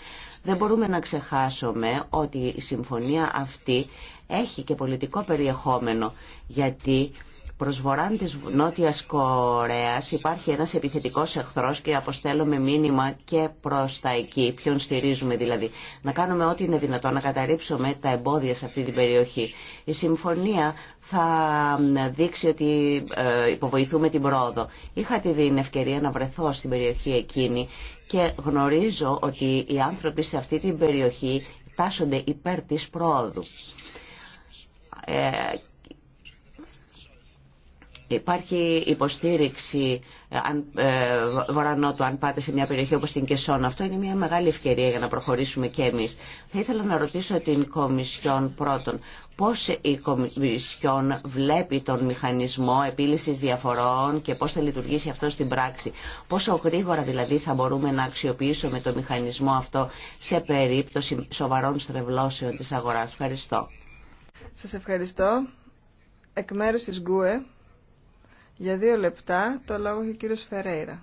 Δεν μπορούμε να ξεχάσουμε ότι η συμφωνία αυτή έχει και πολιτικό περιεχόμενο, γιατί Προς της Νότιας Κορέας υπάρχει ένας επιθετικός εχθρός και αποστέλουμε μήνυμα και προς τα εκεί, ποιον στηρίζουμε δηλαδή. Να κάνουμε ό,τι είναι δυνατό, να καταρρύψουμε τα εμπόδια σε αυτή την περιοχή. Η συμφωνία θα δείξει ότι ε, υποβοηθούμε την πρόοδο. Είχα την ευκαιρία να βρεθώ στην περιοχή εκείνη και γνωρίζω ότι οι άνθρωποι σε αυτή την περιοχή τάσσονται υπέρ της πρόοδου ε, Υπάρχει υποστήριξη ε, αν, ε, βορανότου αν πάτε σε μια περιοχή όπως την Κεσόν. Αυτό είναι μια μεγάλη ευκαιρία για να προχωρήσουμε και εμείς. Θα ήθελα να ρωτήσω την Κομισιόν πρώτον. Πώς η Κομισιόν βλέπει τον μηχανισμό επίλυσης διαφορών και πώς θα λειτουργήσει αυτό στην πράξη. Πόσο γρήγορα δηλαδή θα μπορούμε να αξιοποιήσουμε τον μηχανισμό αυτό σε περίπτωση σοβαρών στρεβλώσεων της αγοράς. Ευχαριστώ. Σας ευχαριστώ. Εκ μέρους της ΓΚΟΕ, για δύο λεπτά το λόγο έχει ο κύριος Φερέιρα.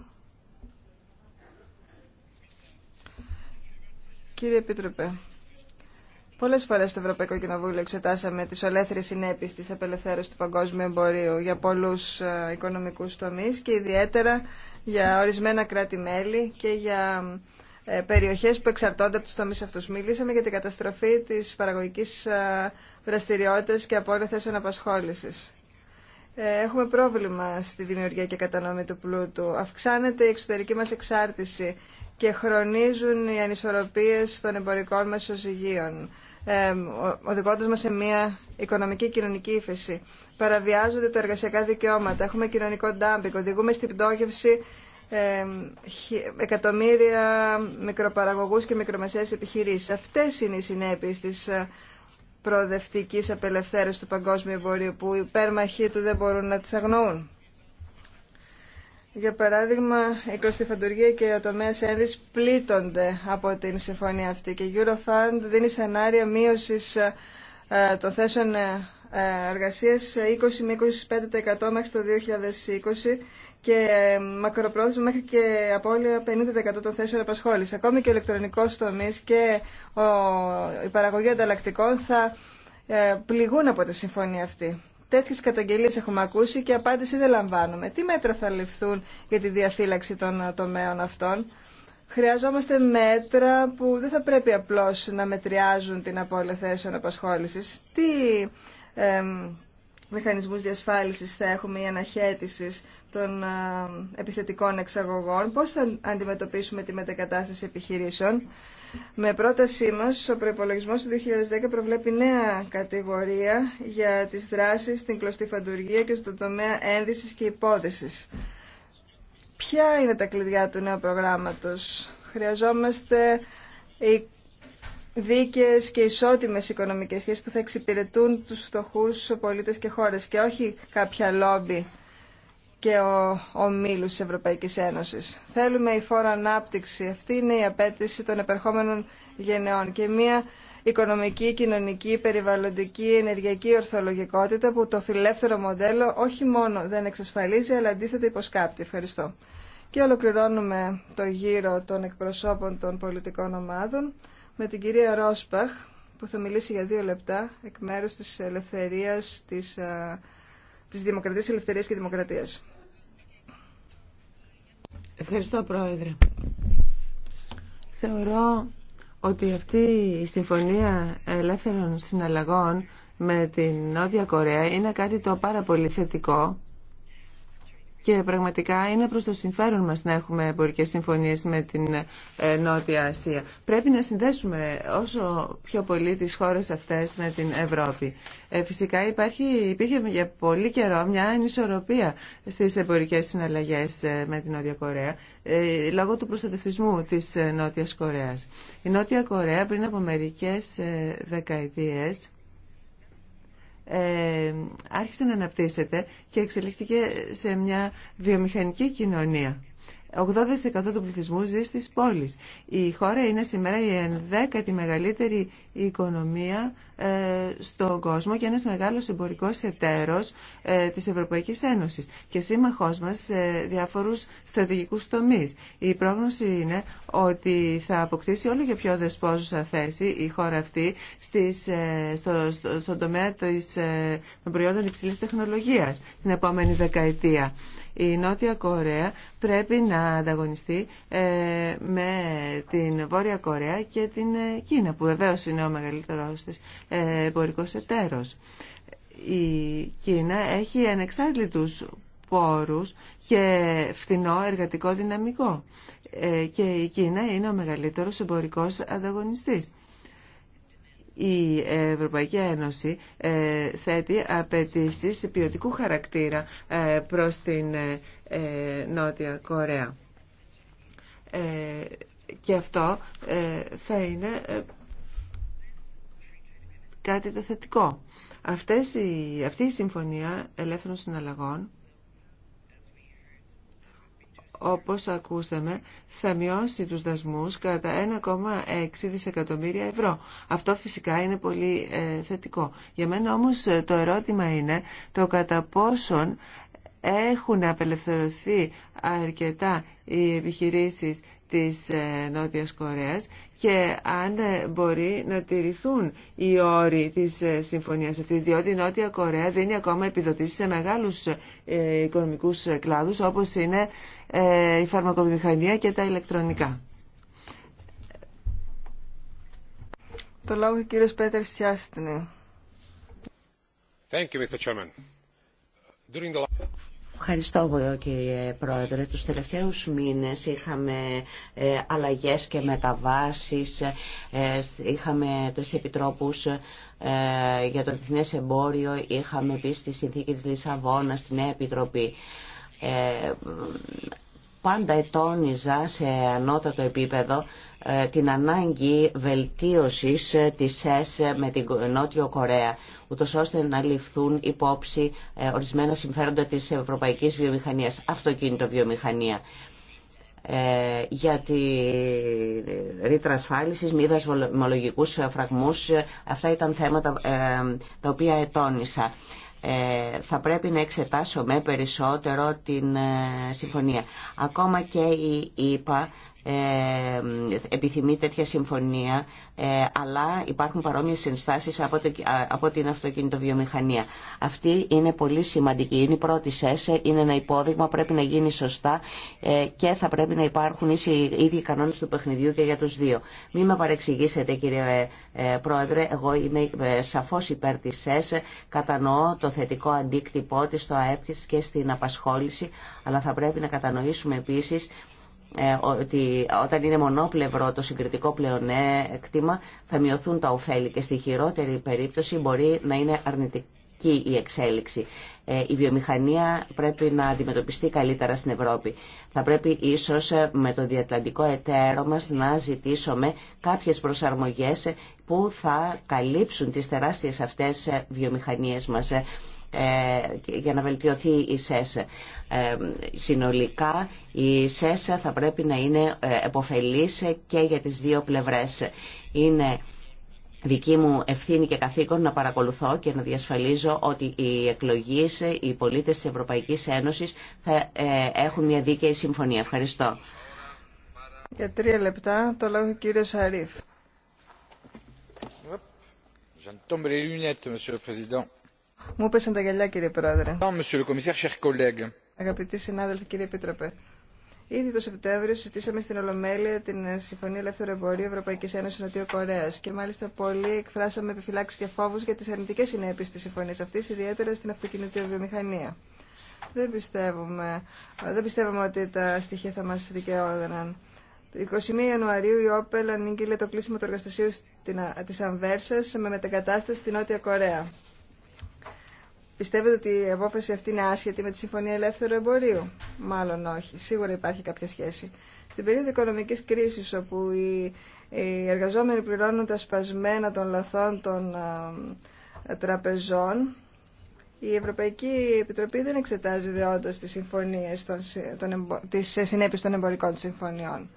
Κύριε Επίτροπε, Πολλέ φορέ στο Ευρωπαϊκό Κοινοβούλιο εξετάσαμε τι ολέθριε συνέπειε τη απελευθέρωση του παγκόσμιου εμπορίου για πολλού ε, οικονομικού τομεί και ιδιαίτερα για ορισμένα κράτη-μέλη και για ε, περιοχέ που εξαρτώνται από του τομεί αυτού. Μιλήσαμε για την καταστροφή τη παραγωγική ε, δραστηριότητα και απόλυθες θέσεων ε, έχουμε πρόβλημα στη δημιουργία και κατανομή του πλούτου. Αυξάνεται η εξωτερική μας εξάρτηση και χρονίζουν οι ανισορροπίες των εμπορικών μας οζυγίων, ε, οδηγώντας μας σε μια οικονομική κοινωνική ύφεση. Παραβιάζονται τα εργασιακά δικαιώματα, έχουμε κοινωνικό ντάμπικ, οδηγούμε στην πτώχευση ε, εκατομμύρια μικροπαραγωγούς και μικρομεσαίες επιχειρήσεις. Αυτές είναι οι συνέπειες της ε, προοδευτική απελευθέρωση του παγκόσμιου εμπορίου που οι υπέρμαχοί του δεν μπορούν να τις αγνοούν. Για παράδειγμα, η κλωστιφαντουργία και ο τομέα ένδυση πλήττονται από την συμφωνία αυτή και η Eurofund δίνει σενάρια μείωσης ε, των θέσεων ε, εργασιες 20 25% μέχρι το 2020 και μακροπρόθεσμα μέχρι και απώλεια 50% των θέσεων απασχόληση. Ακόμη και ο ηλεκτρονικός τομής και η παραγωγή ανταλλακτικών θα ε, πληγούν από τη συμφωνία αυτή. Τέτοιες καταγγελίες έχουμε ακούσει και απάντηση δεν λαμβάνουμε. Τι μέτρα θα ληφθούν για τη διαφύλαξη των ε, τομέων αυτών. Χρειαζόμαστε μέτρα που δεν θα πρέπει απλώς να μετριάζουν την απώλεια θέσεων απασχόλησης. Τι μηχανισμούς διασφάλισης θα έχουμε ή αναχέτησης των ε, επιθετικών εξαγωγών, πώς θα αντιμετωπίσουμε τη μετακατάσταση επιχειρήσεων. Με πρότασή μας, ο προϋπολογισμός του 2010 προβλέπει νέα κατηγορία για τις δράσεις στην κλωστή φαντουργία και στον τομέα ένδυσης και υπόδεσης. Ποια είναι τα κλειδιά του νέου προγράμματος. Χρειαζόμαστε δίκαιες και ισότιμες οικονομικές σχέσεις που θα εξυπηρετούν τους φτωχούς πολίτες και χώρες και όχι κάποια λόμπι και ο, μήλος της Ευρωπαϊκής Ένωσης. Θέλουμε η φόρα ανάπτυξη. Αυτή είναι η απέτηση των επερχόμενων γενεών και μια οικονομική, κοινωνική, περιβαλλοντική, ενεργειακή ορθολογικότητα που το φιλεύθερο μοντέλο όχι μόνο δεν εξασφαλίζει αλλά αντίθετα υποσκάπτει. Ευχαριστώ. Και ολοκληρώνουμε το γύρο των εκπροσώπων των πολιτικών ομάδων με την κυρία Ρόσπαχ που θα μιλήσει για δύο λεπτά εκ μέρους της ελευθερίας, της, ε, της δημοκρατίας, ελευθερίας και δημοκρατίας. Ευχαριστώ Πρόεδρε. Θεωρώ ότι αυτή η Συμφωνία Ελεύθερων Συναλλαγών με την Νότια Κορέα είναι κάτι το πάρα πολύ θετικό και πραγματικά είναι προς το συμφέρον μας να έχουμε εμπορικές συμφωνίες με την ε, Νότια Ασία. Πρέπει να συνδέσουμε όσο πιο πολύ τις χώρες αυτές με την Ευρώπη. Ε, φυσικά υπάρχει, υπήρχε για πολύ καιρό μια ανισορροπία στις εμπορικές συναλλαγές ε, με την Νότια Κορέα λόγω του προστατευτισμού της Νότιας Κορέας. Η Νότια Κορέα πριν από μερικές δεκαετίες ε, άρχισε να αναπτύσσεται και εξελίχθηκε σε μια βιομηχανική κοινωνία. 80% του πληθυσμού ζει στις πόλεις. Η χώρα είναι σήμερα η ενδέκατη μεγαλύτερη οικονομία ε, στον κόσμο και ένας μεγάλος εμπορικός εταίρος ε, της Ευρωπαϊκής Ένωσης και σύμμαχό μα σε διάφορους στρατηγικούς τομεί. Η πρόγνωση είναι ότι θα αποκτήσει όλο και πιο δεσπόζουσα θέση η χώρα αυτή στις, ε, στο, στο, στον τομέα της, των προϊόντων υψηλή τεχνολογία την επόμενη δεκαετία. Η Νότια Κορέα πρέπει να ανταγωνιστεί ε, με την Βόρεια Κορέα και την ε, Κίνα, που βεβαίως είναι ο μεγαλύτερος της ε, εμπορικός εταίρος. Η Κίνα έχει ανεξάρτητους πόρους και φθηνό εργατικό δυναμικό και η Κίνα είναι ο μεγαλύτερος εμπορικός ανταγωνιστής η Ευρωπαϊκή Ένωση ε, θέτει απαιτήσει ποιοτικού χαρακτήρα ε, προς την ε, Νότια Κορέα. Και αυτό θα είναι κάτι το θετικό. αυτή η συμφωνία ελεύθερων συναλλαγών όπως ακούσαμε, θα μειώσει τους δασμούς κατά 1,6 δισεκατομμύρια ευρώ. Αυτό φυσικά είναι πολύ ε, θετικό. Για μένα όμως ε, το ερώτημα είναι το κατά πόσον έχουν απελευθερωθεί αρκετά οι επιχειρήσεις της ε, Νότιας Κορέας και αν ε, μπορεί να τηρηθούν οι όροι της ε, συμφωνίας αυτής, διότι η Νότια Κορέα δίνει ακόμα επιδοτήσεις σε μεγάλους οικονομικούς κλάδους όπως είναι η φαρμακοβιομηχανία και τα ηλεκτρονικά. Το λόγο ο κύριος Πέτερ Σιάστηνε. Ευχαριστώ κύριε Πρόεδρε. Τους τελευταίους μήνες είχαμε ε, αλλαγές και μεταβάσεις, ε, είχαμε τους επιτρόπους ε, για το διεθνές εμπόριο, είχαμε επίσης τη συνθήκη της Λισαβόνας, τη Νέα Επιτροπή. Πάντα ετώνιζα σε ανώτατο επίπεδο ε, την ανάγκη βελτίωσης ε, της ΣΕΣ ε, με την Νότιο Κορέα, ούτως ώστε να ληφθούν υπόψη ορισμένα συμφέροντα της ευρωπαϊκής βιομηχανίας, αυτοκίνητο βιομηχανία. για τη ρήτρα ασφάλισης, μη δασμολογικούς φραγμούς, αυτά ήταν θέματα τα οποία ετώνησα. Θα πρέπει να με περισσότερο την συμφωνία. Ακόμα και η ΕΠΑ ε, επιθυμεί τέτοια συμφωνία, ε, αλλά υπάρχουν παρόμοιες συνστάσεις από, από την αυτοκινητοβιομηχανία. Αυτή είναι πολύ σημαντική, είναι η πρώτη ΣΕΣΕ, είναι ένα υπόδειγμα, πρέπει να γίνει σωστά ε, και θα πρέπει να υπάρχουν οι ίδιοι κανόνες του παιχνιδιού και για τους δύο. Μην με παρεξηγήσετε κύριε Πρόεδρε, εγώ είμαι σαφώς υπέρ της ΣΕΣΕ, κατανοώ το θετικό αντίκτυπό της στο ΑΕΠ και στην απασχόληση, αλλά θα πρέπει να κατανοήσουμε επίσης ε, ότι όταν είναι μονόπλευρο το συγκριτικό πλεονέκτημα θα μειωθούν τα ωφέλη και στη χειρότερη περίπτωση μπορεί να είναι αρνητική η εξέλιξη. Ε, η βιομηχανία πρέπει να αντιμετωπιστεί καλύτερα στην Ευρώπη. Θα πρέπει ίσως ε, με το διατλαντικό εταίρο μας να ζητήσουμε κάποιες προσαρμογές που θα καλύψουν τις τεράστιες αυτές βιομηχανίες μας ε, για να βελτιωθεί η ΣΕΣ. Ε, συνολικά η ΣΕΣ θα πρέπει να είναι ε, επωφελής και για τις δύο πλευρές. Είναι δική μου ευθύνη και καθήκον να παρακολουθώ και να διασφαλίζω ότι οι εκλογείς, οι πολίτες της Ευρωπαϊκής Ένωσης θα έχουν μια δίκαιη συμφωνία. Ευχαριστώ. Για τρία λεπτά το λόγο κύριο Σαρίφ. Μου τα γυαλιά, κύριε Πρόεδρε. Αγαπητοί συνάδελφοι, κύριε Επίτροπε. Ήδη το Σεπτέμβριο συζητήσαμε στην Ολομέλεια την Συμφωνία Ελεύθερου Εμπορίου Ευρωπαϊκή Ένωση Νοτιού Κορέα και μάλιστα πολλοί εκφράσαμε επιφυλάξει και φόβου για τι αρνητικέ συνέπειε τη συμφωνία αυτή, ιδιαίτερα στην αυτοκινητοβιομηχανία. Δεν πιστεύουμε, δεν πιστεύουμε ότι τα στοιχεία θα μα δικαιώδαιναν. Το 21 Ιανουαρίου η Όπελ ανήγγειλε το κλείσιμο του εργαστασίου τη Αμβέρσα με μετακατάσταση στη Νότια Κορέα. Πιστεύετε ότι η απόφαση αυτή είναι άσχετη με τη Συμφωνία Ελεύθερου Εμπορίου. Μάλλον όχι. Σίγουρα υπάρχει κάποια σχέση. Στην περίοδο οικονομικής κρίσης, όπου οι, εργαζόμενοι πληρώνουν τα σπασμένα των λαθών των τραπεζών, η Ευρωπαϊκή Επιτροπή δεν εξετάζει δεόντως τις συμφωνίες, των, των, συνέπειες των εμπορικών συμφωνιών.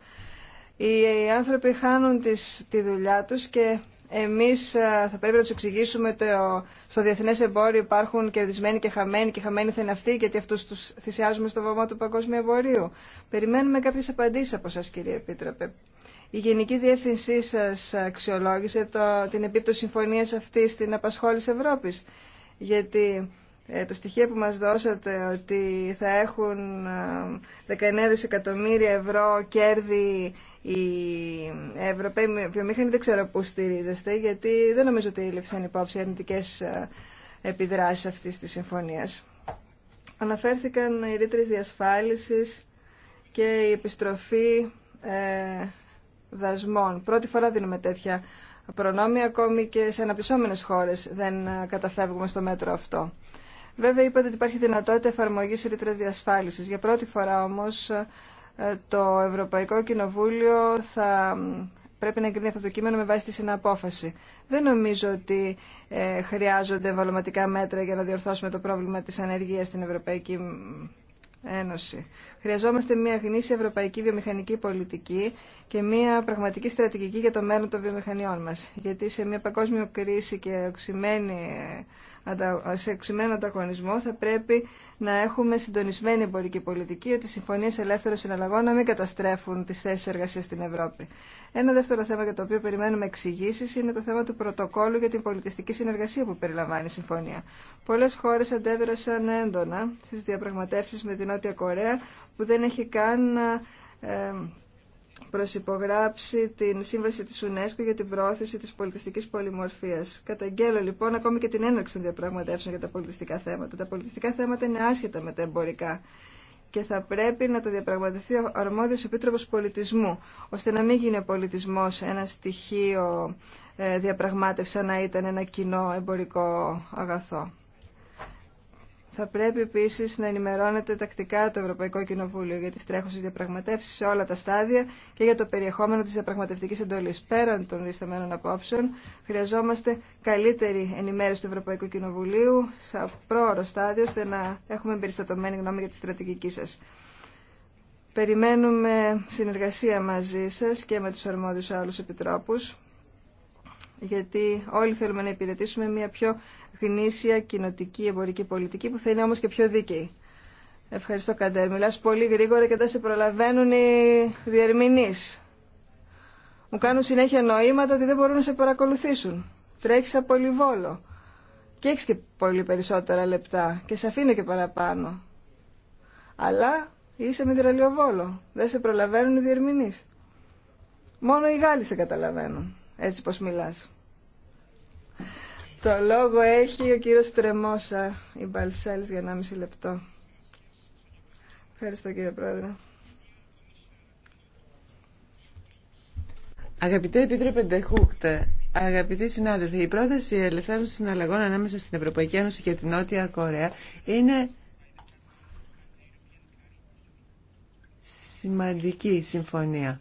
Οι, άνθρωποι χάνουν τις, τη δουλειά τους και εμείς ε, θα πρέπει να τους εξηγήσουμε ότι στο διεθνές εμπόριο υπάρχουν κερδισμένοι και χαμένοι και χαμένοι θα είναι αυτοί γιατί αυτούς τους θυσιάζουμε στο βωμό του παγκόσμιου εμπορίου. Περιμένουμε κάποιες απαντήσεις από σας κύριε Επίτροπε. Η Γενική Διεύθυνσή σας αξιολόγησε το, την επίπτωση συμφωνίας αυτή στην απασχόληση Ευρώπης. Γιατί ε, τα στοιχεία που μας δώσατε ότι θα έχουν 19 ε, εκατομμύρια ευρώ κέρδη η Ευρωπαίοι βιομήχανοι δεν ξέρω πού στηρίζεστε, γιατί δεν νομίζω ότι λήφθησαν υπόψη αρνητικέ ε, επιδράσει αυτή τη συμφωνία. Αναφέρθηκαν οι ρήτρε διασφάλιση και η επιστροφή ε, δασμών. Πρώτη φορά δίνουμε τέτοια προνόμια, ακόμη και σε αναπτυσσόμενε χώρε δεν ε, καταφεύγουμε στο μέτρο αυτό. Βέβαια είπατε ότι υπάρχει δυνατότητα εφαρμογή ρήτρε διασφάλιση. Για πρώτη φορά όμω, ε, το Ευρωπαϊκό Κοινοβούλιο θα πρέπει να εγκρίνει αυτό το κείμενο με βάση τη συναπόφαση. Δεν νομίζω ότι ε, χρειάζονται βαλωματικά μέτρα για να διορθώσουμε το πρόβλημα της ανεργίας στην Ευρωπαϊκή Ένωση. Χρειαζόμαστε μια γνήσια ευρωπαϊκή βιομηχανική πολιτική και μια πραγματική στρατηγική για το μέλλον των βιομηχανιών μας. Γιατί σε μια παγκόσμια κρίση και οξυμένη ε, σε ξημένο ανταγωνισμό θα πρέπει να έχουμε συντονισμένη εμπορική πολιτική ότι οι συμφωνίε ελεύθερων συναλλαγών να μην καταστρέφουν τι θέσει εργασία στην Ευρώπη. Ένα δεύτερο θέμα για το οποίο περιμένουμε εξηγήσει είναι το θέμα του πρωτοκόλου για την πολιτιστική συνεργασία που περιλαμβάνει η συμφωνία. Πολλέ χώρε αντέδρασαν έντονα στι διαπραγματεύσει με την Νότια Κορέα που δεν έχει καν. Ε, προσυπογράψει την σύμβαση της UNESCO για την πρόθεση της πολιτιστικής πολυμορφίας. Καταγγέλλω λοιπόν ακόμη και την έναρξη των διαπραγματεύσεων για τα πολιτιστικά θέματα. Τα πολιτιστικά θέματα είναι άσχετα με τα εμπορικά και θα πρέπει να τα διαπραγματευτεί ο αρμόδιος επίτροπος πολιτισμού, ώστε να μην γίνει ο πολιτισμός ένα στοιχείο ε, διαπραγμάτευση, να ήταν ένα κοινό εμπορικό αγαθό. Θα πρέπει επίση να ενημερώνεται τακτικά το Ευρωπαϊκό Κοινοβούλιο για τι τρέχουσε διαπραγματεύσει σε όλα τα στάδια και για το περιεχόμενο τη διαπραγματευτική εντολή. Πέραν των δισταμένων απόψεων, χρειαζόμαστε καλύτερη ενημέρωση του Ευρωπαϊκού Κοινοβουλίου σε πρόωρο στάδιο, ώστε να έχουμε εμπεριστατωμένη γνώμη για τη στρατηγική σα. Περιμένουμε συνεργασία μαζί σα και με του αρμόδιου άλλου επιτρόπου γιατί όλοι θέλουμε να υπηρετήσουμε μια πιο γνήσια κοινοτική εμπορική πολιτική που θα είναι όμως και πιο δίκαιη. Ευχαριστώ Καντέρ. Μιλάς πολύ γρήγορα και δεν σε προλαβαίνουν οι διερμηνείς. Μου κάνουν συνέχεια νοήματα ότι δεν μπορούν να σε παρακολουθήσουν. Τρέχεις από λιβόλο Και έχεις και πολύ περισσότερα λεπτά και σε αφήνω και παραπάνω. Αλλά είσαι με δραλιοβόλο. Δεν σε προλαβαίνουν οι διερμηνείς. Μόνο οι Γάλλοι σε καταλαβαίνουν έτσι πως μιλάς. Το λόγο έχει ο κύριος Τρεμόσα, η Μπαλσέλης, για 1,5 λεπτό. Ευχαριστώ κύριε Πρόεδρε. Αγαπητέ Επίτροπε Ντεχούκτε, Αγαπητοί συνάδελφοι, η πρόταση ελευθέρωσης συναλλαγών ανάμεσα στην Ευρωπαϊκή Ένωση και την Νότια Κορέα είναι σημαντική συμφωνία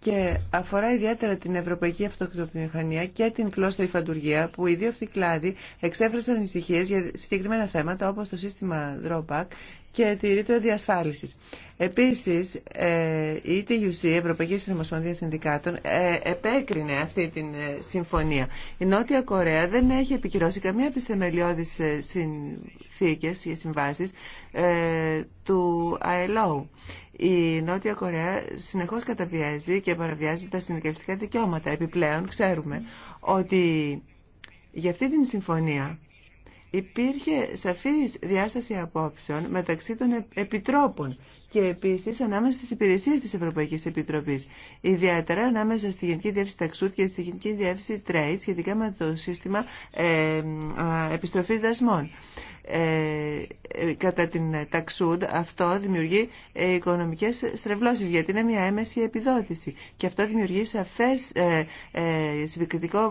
και αφορά ιδιαίτερα την ευρωπαϊκή αυτοκτοβιομηχανία και την κλώστο υφαντουργία που οι δύο αυτοί κλάδοι εξέφρασαν ανησυχίε για συγκεκριμένα θέματα όπως το σύστημα drawback και τη ρήτρα διασφάλισης. Επίσης, ε, η TUC, η Ευρωπαϊκή Συνομοσπονδία Συνδικάτων, ε, επέκρινε αυτή τη ε, συμφωνία. Η Νότια Κορέα δεν έχει επικυρώσει καμία από τις θεμελιώδεις συνθήκες και συμβάσεις του ILO. Η Νότια Κορέα συνεχώς καταβιάζει και παραβιάζει τα συνδικαλιστικά δικαιώματα. Επιπλέον, ξέρουμε ότι για αυτή την συμφωνία υπήρχε σαφής διάσταση απόψεων μεταξύ των επιτρόπων και επίσης ανάμεσα στις υπηρεσίες της Ευρωπαϊκής Επιτροπής. Ιδιαίτερα ανάμεσα στη Γενική Διεύθυνση Ταξούτ και στη Γενική Διεύθυνση Τρέιτ σχετικά με το σύστημα ε, επιστροφής δασμών. Ε, ε κατά την ταξούντ αυτό δημιουργεί ε, οικονομικές στρεβλώσεις γιατί είναι μια έμεση επιδότηση και αυτό δημιουργεί σαφές ε, ε,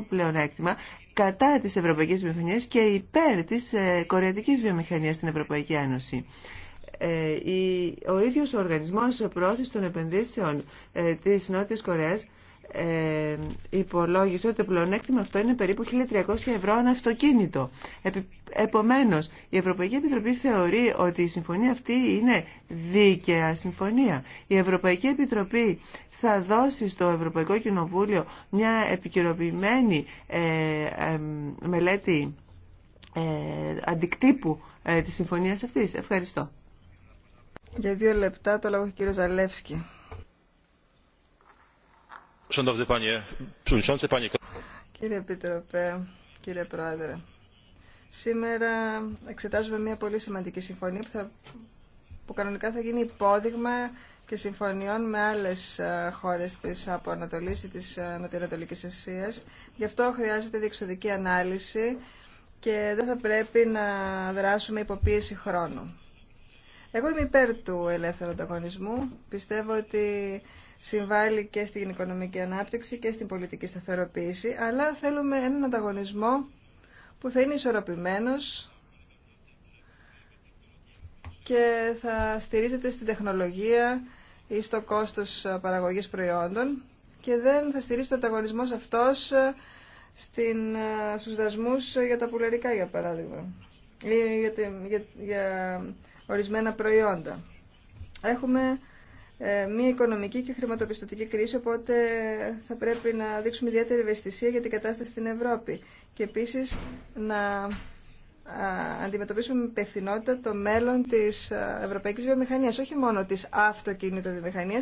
πλεονέκτημα κατά της ευρωπαϊκής βιομηχανίας και υπέρ της ε, κορεατικής βιομηχανίας στην Ευρωπαϊκή Ένωση. Ε, ο ίδιος ο οργανισμός πρόθεσης των επενδύσεων ε, της Νότιας Κορέας ε, υπολόγισε ότι το πλεονέκτημα αυτό είναι περίπου 1.300 ευρώ ένα αυτοκίνητο. Επομένως, η Ευρωπαϊκή Επιτροπή θεωρεί ότι η συμφωνία αυτή είναι δίκαια συμφωνία. Η Ευρωπαϊκή Επιτροπή θα δώσει στο Ευρωπαϊκό Κοινοβούλιο μια επικαιροποιημένη ε, μελέτη ε, αντικτύπου ε, της συμφωνίας αυτής. Ευχαριστώ. Για δύο λεπτά το λόγο έχει Ζαλεύσκη. Κύριε Επίτροπε, κύριε Πρόεδρε, σήμερα εξετάζουμε μια πολύ σημαντική συμφωνία που, κανονικά θα γίνει υπόδειγμα και συμφωνιών με άλλες ε, χώρες της από ή της ε, Νοτιοανατολικής Ασίας. Γι' αυτό χρειάζεται διεξοδική ανάλυση και δεν θα πρέπει να δράσουμε υποπίεση χρόνου. Εγώ είμαι υπέρ του ελεύθερου ανταγωνισμού. Πιστεύω ότι συμβάλλει και στην οικονομική ανάπτυξη και στην πολιτική σταθεροποίηση, αλλά θέλουμε έναν ανταγωνισμό που θα είναι ισορροπημένος και θα στηρίζεται στην τεχνολογία ή στο κόστος παραγωγής προϊόντων και δεν θα στηρίζει το ανταγωνισμός αυτός στην, στους δασμούς για τα πουλερικά, για παράδειγμα, ή για, για, για ορισμένα προϊόντα. Έχουμε ε, μια οικονομική και χρηματοπιστωτική κρίση, οπότε θα πρέπει να δείξουμε ιδιαίτερη ευαισθησία για την κατάσταση στην Ευρώπη και επίσης να αντιμετωπίσουμε με υπευθυνότητα το μέλλον της ευρωπαϊκής βιομηχανίας, όχι μόνο της αυτοκίνητο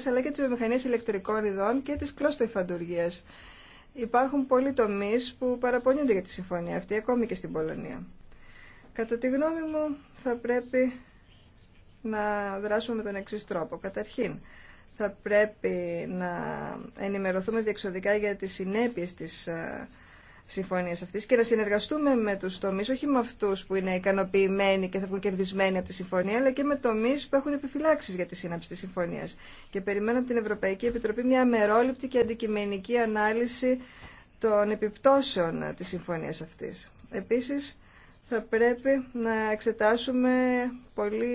αλλά και της βιομηχανίας ηλεκτρικών ειδών και της κλωστοϊφαντουργίας. Υπάρχουν πολλοί τομεί που παραπονιούνται για τη συμφωνία αυτή, ακόμη και στην Πολωνία. Κατά τη γνώμη μου, θα πρέπει να δράσουμε με τον εξή τρόπο. Καταρχήν, θα πρέπει να ενημερωθούμε διεξοδικά για τις συνέπειες της ε, συμφωνίας αυτής και να συνεργαστούμε με τους τομείς, όχι με αυτούς που είναι ικανοποιημένοι και θα βγουν κερδισμένοι από τη συμφωνία, αλλά και με τομείς που έχουν επιφυλάξεις για τη σύναψη της συμφωνίας. Και περιμένω από την Ευρωπαϊκή Επιτροπή μια μερόληπτη και αντικειμενική ανάλυση των επιπτώσεων της συμφωνίας αυτής. Επίσης, θα πρέπει να εξετάσουμε πολύ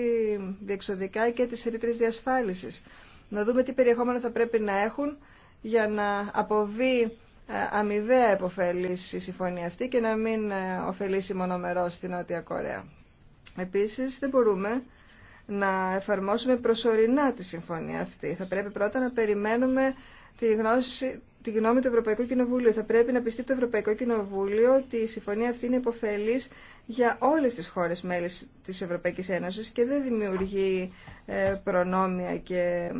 διεξοδικά και τις ρήτρες διασφάλισης. Να δούμε τι περιεχόμενο θα πρέπει να έχουν για να αποβεί ε, αμοιβαία επωφελής η συμφωνία αυτή και να μην ε, ωφελήσει μονομερό στην Νότια Κορέα. Επίσης δεν μπορούμε να εφαρμόσουμε προσωρινά τη συμφωνία αυτή. Θα πρέπει πρώτα να περιμένουμε τη γνώση τη γνώμη του Ευρωπαϊκού Κοινοβουλίου. Θα πρέπει να πιστεί το Ευρωπαϊκό Κοινοβούλιο ότι η συμφωνία αυτή είναι υποφελή για όλε τι χώρε μέλη τη Ευρωπαϊκή Ένωση και δεν δημιουργεί ε, προνόμια και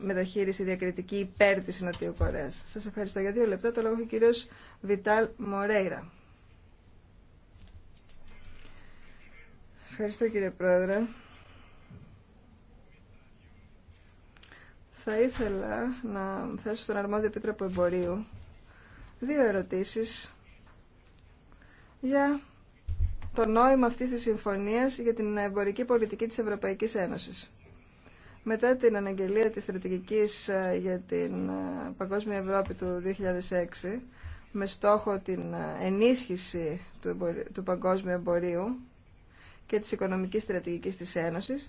μεταχείριση διακριτική υπέρ τη Νοτιού Κορέα. Σα ευχαριστώ για δύο λεπτά. Το λόγο έχει ο κύριο Βιτάλ Μορέιρα. Ευχαριστώ κύριε Πρόεδρε. Θα ήθελα να θέσω στον αρμόδιο επίτροπο εμπορίου δύο ερωτήσεις για το νόημα αυτής της συμφωνίας για την εμπορική πολιτική της Ευρωπαϊκής Ένωσης. Μετά την αναγγελία της στρατηγικής ε, για την ε, Παγκόσμια Ευρώπη του 2006 με στόχο την ε, ενίσχυση του, του παγκόσμιου εμπορίου και της οικονομικής στρατηγικής της Ένωσης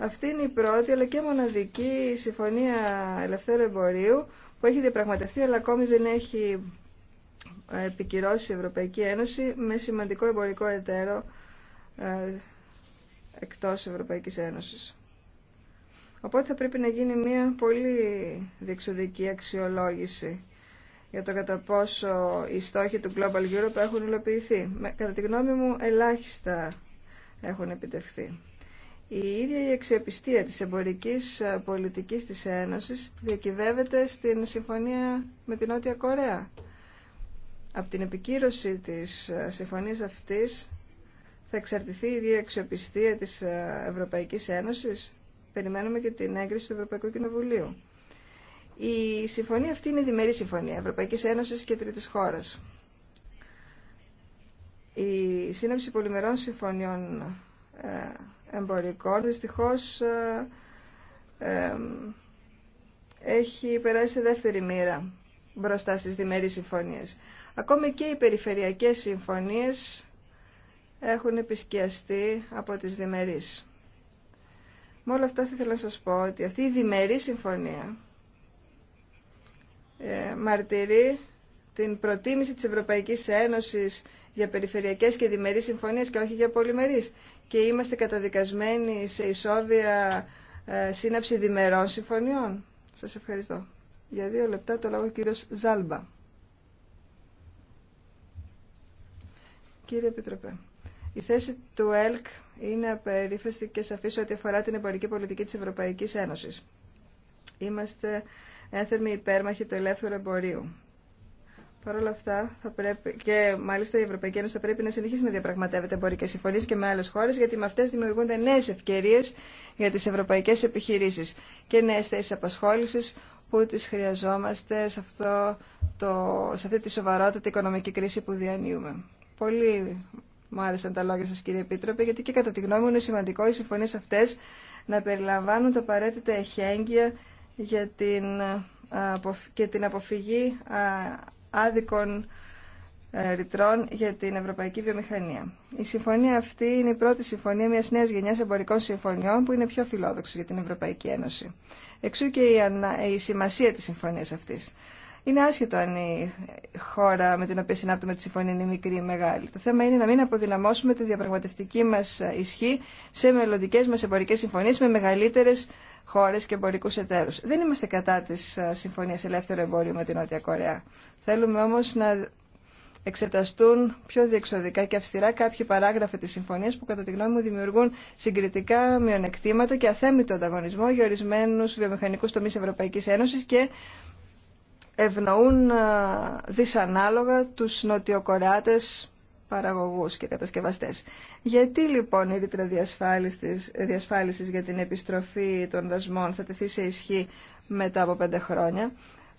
αυτή είναι η πρώτη αλλά και μοναδική συμφωνία ελευθέρου εμπορίου που έχει διαπραγματευτεί αλλά ακόμη δεν έχει ε, επικυρώσει η Ευρωπαϊκή Ένωση με σημαντικό εμπορικό εταίρο ε, εκτός Ευρωπαϊκής Ένωσης. Οπότε θα πρέπει να γίνει μια πολύ διεξοδική αξιολόγηση για το κατά πόσο οι στόχοι του Global Europe έχουν υλοποιηθεί. Κατά τη γνώμη μου, ελάχιστα έχουν επιτευχθεί. Η ίδια η αξιοπιστία της εμπορικής ε, πολιτικής της Ένωσης διακυβεύεται στην συμφωνία με την Νότια Κορέα. Από την επικύρωση της ε, συμφωνίας αυτής θα εξαρτηθεί η ίδια η αξιοπιστία της ε, Ευρωπαϊκής Ένωσης. Περιμένουμε και την έγκριση του Ευρωπαϊκού Κοινοβουλίου. Η συμφωνία αυτή είναι η διμερή συμφωνία Ευρωπαϊκής Ένωσης και Τρίτης Χώρας. Η σύναψη πολυμερών συμφωνιών εμπορικών δυστυχώς ε, έχει περάσει δεύτερη μοίρα μπροστά στις διμερείς συμφωνίες. Ακόμη και οι περιφερειακές συμφωνίες έχουν επισκιαστεί από τις διμερείς. Με όλα αυτά θα ήθελα να σας πω ότι αυτή η διμερή συμφωνία ε, μαρτυρεί την προτίμηση της Ευρωπαϊκής Ένωσης για περιφερειακές και διμερείς συμφωνίες και όχι για πολυμερείς. Και είμαστε καταδικασμένοι σε ισόβια ε, σύναψη διμερών συμφωνιών. Σας ευχαριστώ. Για δύο λεπτά το λόγο ο κύριος Ζάλμπα. Κύριε Επιτροπέ, η θέση του ΕΛΚ είναι απερίφαστη και σαφής ό,τι αφορά την εμπορική πολιτική της Ευρωπαϊκής Ένωσης. Είμαστε έθερμοι υπέρμαχοι του ελεύθερου εμπορίου. Παρ' όλα αυτά, θα πρέπει, και μάλιστα η Ευρωπαϊκή Ένωση θα πρέπει να συνεχίσει να διαπραγματεύεται εμπορικέ συμφωνίε και με άλλε χώρε, γιατί με αυτέ δημιουργούνται νέε ευκαιρίε για τι ευρωπαϊκέ επιχειρήσει και νέε θέσει απασχόληση που τι χρειαζόμαστε σε, αυτό το, σε αυτή τη σοβαρότητα οικονομική κρίση που διανύουμε. Πολύ μου άρεσαν τα λόγια σα, κύριε Επίτροπε, γιατί και κατά τη γνώμη μου είναι σημαντικό οι συμφωνίε αυτέ να περιλαμβάνουν τα απαραίτητα εχέγγυα για την, ε, και την αποφυγή άδικων ε, ρητρών για την ευρωπαϊκή βιομηχανία. Η συμφωνία αυτή είναι η πρώτη συμφωνία μιας νέας γενιάς εμπορικών συμφωνιών που είναι πιο φιλόδοξη για την Ευρωπαϊκή Ένωση. Εξού και η σημασία τη συμφωνία αυτή. Είναι άσχετο αν η χώρα με την οποία συνάπτουμε τη συμφωνία είναι μικρή ή μεγάλη. Το θέμα είναι να μην αποδυναμώσουμε τη διαπραγματευτική μα ε, ισχύ σε μελλοντικέ μα εμπορικέ συμφωνίε με μεγαλύτερε χώρες και εμπορικού εταίρους. Δεν είμαστε κατά της Συμφωνίας Ελεύθερου Εμπορίου με την Νότια Κορέα. Θέλουμε όμως να εξεταστούν πιο διεξοδικά και αυστηρά κάποιοι παράγραφοι της συμφωνίας που κατά τη γνώμη μου δημιουργούν συγκριτικά μειονεκτήματα και αθέμητο ανταγωνισμό για ορισμένους βιομηχανικούς τομείς Ευρωπαϊκής Ένωσης και ευνοούν δυσανάλογα τους νοτιοκορεάτες παραγωγούς και κατασκευαστές. Γιατί λοιπόν η ρήτρα διασφάλισης για την επιστροφή των δασμών θα τεθεί σε ισχύ μετά από πέντε χρόνια.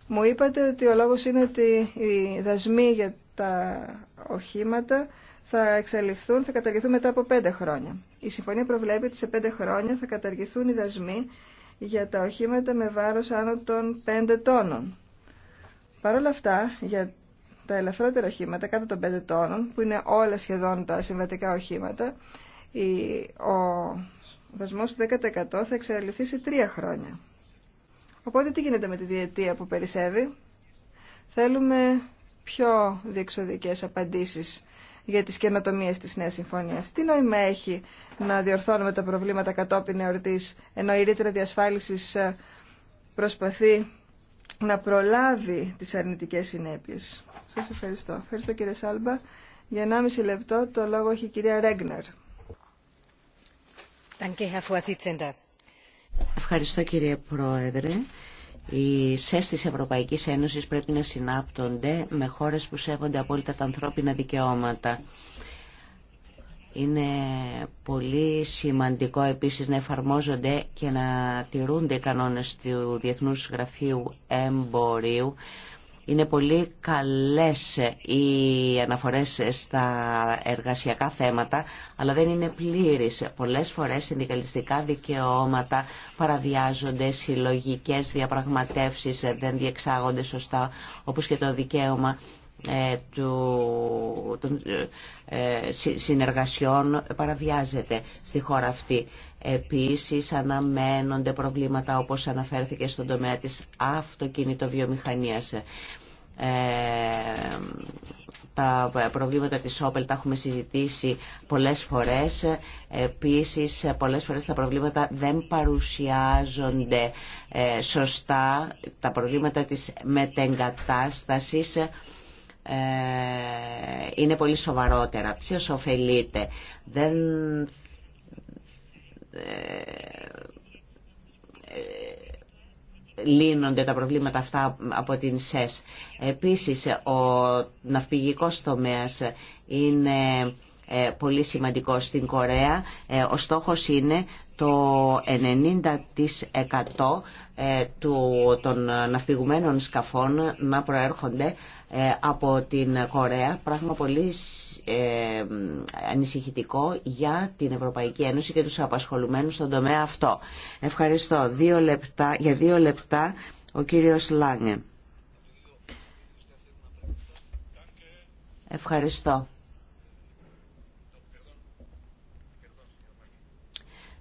Μου είπατε ότι ο λόγος είναι ότι οι δασμοί για τα οχήματα θα εξαλειφθούν, θα καταργηθούν μετά από πέντε χρόνια. Η συμφωνία προβλέπει ότι σε πέντε χρόνια θα καταργηθούν οι δασμοί για τα οχήματα με βάρος άνω των 5 τόνων. Παρ' όλα αυτά, για τα ελαφρότερα οχήματα κάτω των 5 τόνων, που είναι όλα σχεδόν τα συμβατικά οχήματα, ο δασμό του 10% θα εξαλειφθεί σε τρία χρόνια. Οπότε τι γίνεται με τη διετία που περισσεύει. Θέλουμε πιο διεξοδικές απαντήσεις για τις καινοτομίες της Νέας Συμφωνίας. Τι νόημα έχει να διορθώνουμε τα προβλήματα κατόπιν εορτής, ενώ η ρήτρα διασφάλισης ε, προσπαθεί να προλάβει τις αρνητικές συνέπειες. Σας ευχαριστώ. Ευχαριστώ κύριε Σάλμπα. Για 1,5 λεπτό το λόγο έχει η κυρία Ρέγνερ. Ευχαριστώ κύριε Πρόεδρε. Οι ΣΕΣ της Ευρωπαϊκής Ένωσης πρέπει να συνάπτονται με χώρες που σέβονται απόλυτα τα ανθρώπινα δικαιώματα. Είναι πολύ σημαντικό επίσης να εφαρμόζονται και να τηρούνται οι κανόνες του Διεθνούς Γραφείου Εμπορίου. Είναι πολύ καλές οι αναφορές στα εργασιακά θέματα, αλλά δεν είναι πλήρης. Πολλές φορές συνδικαλιστικά δικαιώματα παραδιάζονται, συλλογικές διαπραγματεύσεις δεν διεξάγονται σωστά, όπως και το δικαίωμα ε, του, των ε, συνεργασιών παραβιάζεται στη χώρα αυτή. Επίσης αναμένονται προβλήματα όπως αναφέρθηκε στον τομέα της αυτοκινητοβιομηχανίας. Ε, τα προβλήματα της Όπελ τα έχουμε συζητήσει πολλές φορές. Επίσης, πολλές φορές τα προβλήματα δεν παρουσιάζονται ε, σωστά. Τα προβλήματα της μετεγκατάστασης ε, είναι πολύ σοβαρότερα. Ποιος ωφελείται. Δεν... Ε, ε, λύνονται τα προβλήματα αυτά από την ΣΕΣ. Επίσης, ο ναυπηγικός τομέας είναι πολύ σημαντικό στην Κορέα. Ο στόχος είναι το 90% ε, των ναυπηγουμένων σκαφών να προέρχονται ε, από την Κορέα, πράγμα πολύ ε, ανησυχητικό για την Ευρωπαϊκή Ένωση και τους απασχολουμένους στον τομέα αυτό. Ευχαριστώ. Δύο λεπτά, για δύο λεπτά ο κύριος Λάνγε. Ευχαριστώ.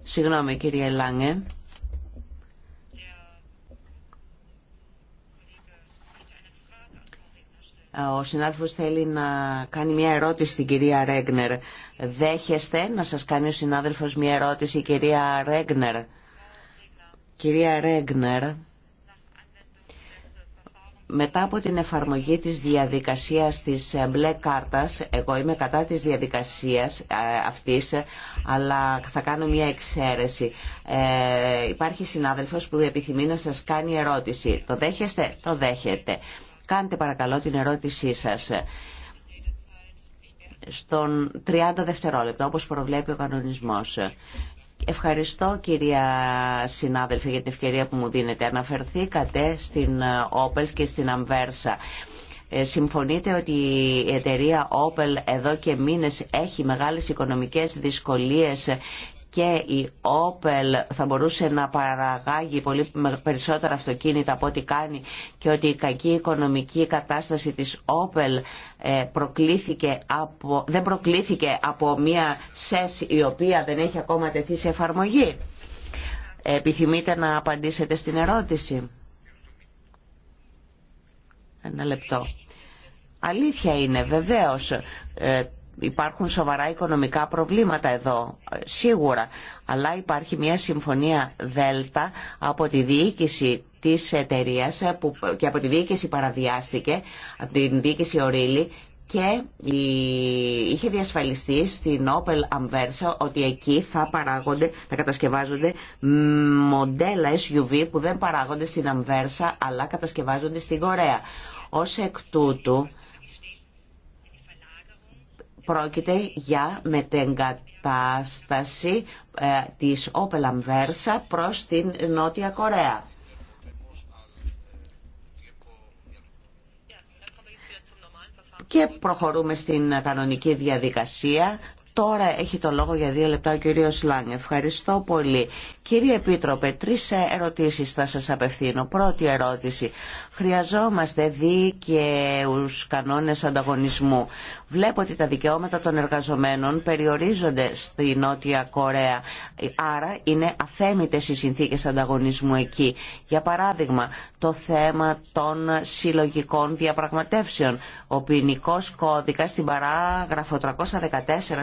Συγγνώμη κύριε Λάγκε. Ο συνάδελφος θέλει να κάνει μια ερώτηση στην κυρία Ρέγνερ. Δέχεστε να σας κάνει ο συνάδελφος μια ερώτηση η κυρία Ρέγνερ. Κυρία Ρέγνερ μετά από την εφαρμογή της διαδικασίας της ε, μπλε κάρτας, εγώ είμαι κατά της διαδικασίας ε, αυτής, ε, αλλά θα κάνω μια εξαίρεση. Ε, υπάρχει συνάδελφος που επιθυμεί να σας κάνει ερώτηση. Το δέχεστε? Το δέχετε. Κάντε παρακαλώ την ερώτησή σας στον 30 δευτερόλεπτο, όπως προβλέπει ο κανονισμός. Ευχαριστώ κυρία συνάδελφε για την ευκαιρία που μου δίνετε. Αναφερθήκατε στην ε, Opel και στην Αμβέρσα. Ε, συμφωνείτε ότι η εταιρεία Opel εδώ και μήνες έχει μεγάλες οικονομικές δυσκολίες και η Opel θα μπορούσε να παραγάγει πολύ περισσότερα αυτοκίνητα από ό,τι κάνει και ότι η κακή οικονομική κατάσταση της Opel ε, προκλήθηκε από, δεν προκλήθηκε από μια ΣΕΣ η οποία δεν έχει ακόμα τεθεί σε εφαρμογή. Επιθυμείτε να απαντήσετε στην ερώτηση. Ένα λεπτό. Αλήθεια είναι βεβαίως ε, υπάρχουν σοβαρά οικονομικά προβλήματα εδώ, σίγουρα. Αλλά υπάρχει μια συμφωνία ΔΕΛΤΑ από τη διοίκηση της εταιρεία και από τη διοίκηση παραβιάστηκε, από την διοίκηση Ορίλη και είχε διασφαλιστεί στην Opel Αμβέρσα ότι εκεί θα παράγονται, θα κατασκευάζονται μοντέλα SUV που δεν παράγονται στην Αμβέρσα αλλά κατασκευάζονται στην Κορέα. Ως εκ τούτου Πρόκειται για μετεγκατάσταση ε, της Opel Amversa προς την Νότια Κορέα. και προχωρούμε στην κανονική διαδικασία Τώρα έχει το λόγο για δύο λεπτά ο κύριος Λάνγκ. Ευχαριστώ πολύ. Κύριε Επίτροπε, τρεις ερωτήσεις θα σας απευθύνω. Πρώτη ερώτηση. Χρειαζόμαστε δίκαιους κανόνες ανταγωνισμού. Βλέπω ότι τα δικαιώματα των εργαζομένων περιορίζονται στη Νότια Κορέα. Άρα είναι αθέμητες οι συνθήκες ανταγωνισμού εκεί. Για παράδειγμα, το θέμα των συλλογικών διαπραγματεύσεων. Ο ποινικό κώδικα στην παράγραφο 314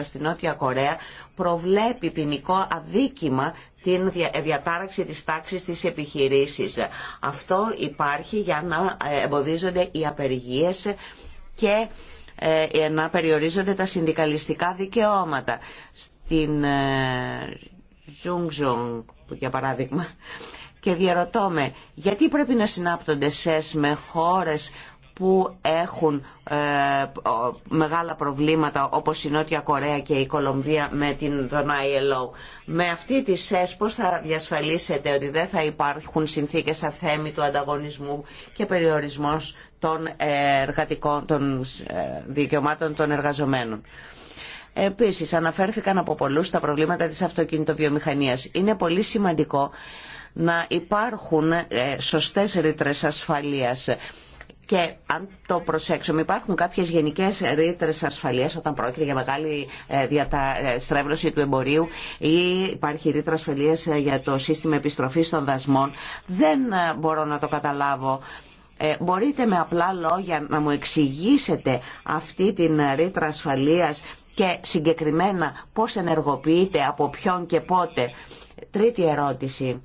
στην Νότια Κορέα προβλέπει ποινικό αδίκημα την ε, διατάραξη της τάξης της επιχειρήσης. Αυτό υπάρχει για να ε, εμποδίζονται οι απεργίες και ε, να περιορίζονται τα συνδικαλιστικά δικαιώματα. Στην Ζουγζουγ, για παράδειγμα, και διαρωτώ με γιατί πρέπει να συνάπτονται ΣΕΣ με χώρες που έχουν ε, μεγάλα προβλήματα όπως η Νότια Κορέα και η Κολομβία με την, τον ILO. Με αυτή τη ΣΕΣ πώς θα διασφαλίσετε ότι δεν θα υπάρχουν συνθήκες αθέμη του ανταγωνισμού και περιορισμός των, ε, εργατικών, των ε, δικαιωμάτων των εργαζομένων. Επίσης, αναφέρθηκαν από πολλούς τα προβλήματα της αυτοκινητοβιομηχανίας. Είναι πολύ σημαντικό να υπάρχουν ε, σωστές ρήτρες ασφαλείας. Και αν το προσέξουμε, υπάρχουν κάποιε γενικέ ρήτρε ασφαλεία όταν πρόκειται για μεγάλη ε, διαστρέβλωση ε, του εμπορίου ή υπάρχει ρήτρα ασφαλεία για το σύστημα επιστροφή των δασμών. Δεν μπορώ να το καταλάβω. μπορείτε με απλά λόγια να μου εξηγήσετε αυτή την ρήτρα ασφαλεία και συγκεκριμένα πώ ενεργοποιείται, από ποιον και πότε. Τρίτη ερώτηση.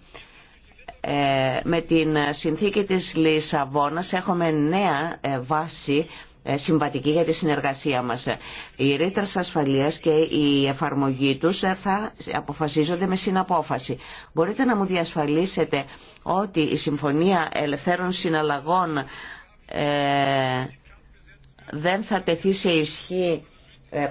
Ε, με την συνθήκη της Λισαβόνας έχουμε νέα ε, βάση ε, συμβατική για τη συνεργασία μας. Οι ρήτρε ασφαλείας και η εφαρμογή τους θα αποφασίζονται με συναπόφαση. Μπορείτε να μου διασφαλίσετε ότι η Συμφωνία Ελευθέρων Συναλλαγών δεν θα τεθεί σε ισχύ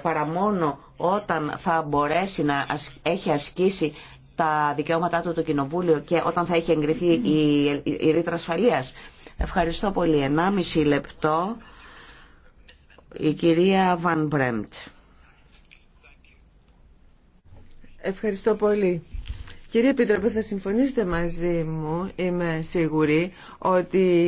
παρά μόνο όταν θα μπορέσει να έχει ασκήσει τα δικαιώματά του το Κοινοβούλιο και όταν θα έχει εγκριθεί η, η, η ρήτρα ασφαλείας. Ευχαριστώ πολύ. 1,5 λεπτό η κυρία Βαν Μπρέμπτ. Ευχαριστώ πολύ. Κύριε Επίτροπε, θα συμφωνήσετε μαζί μου, είμαι σίγουρη, ότι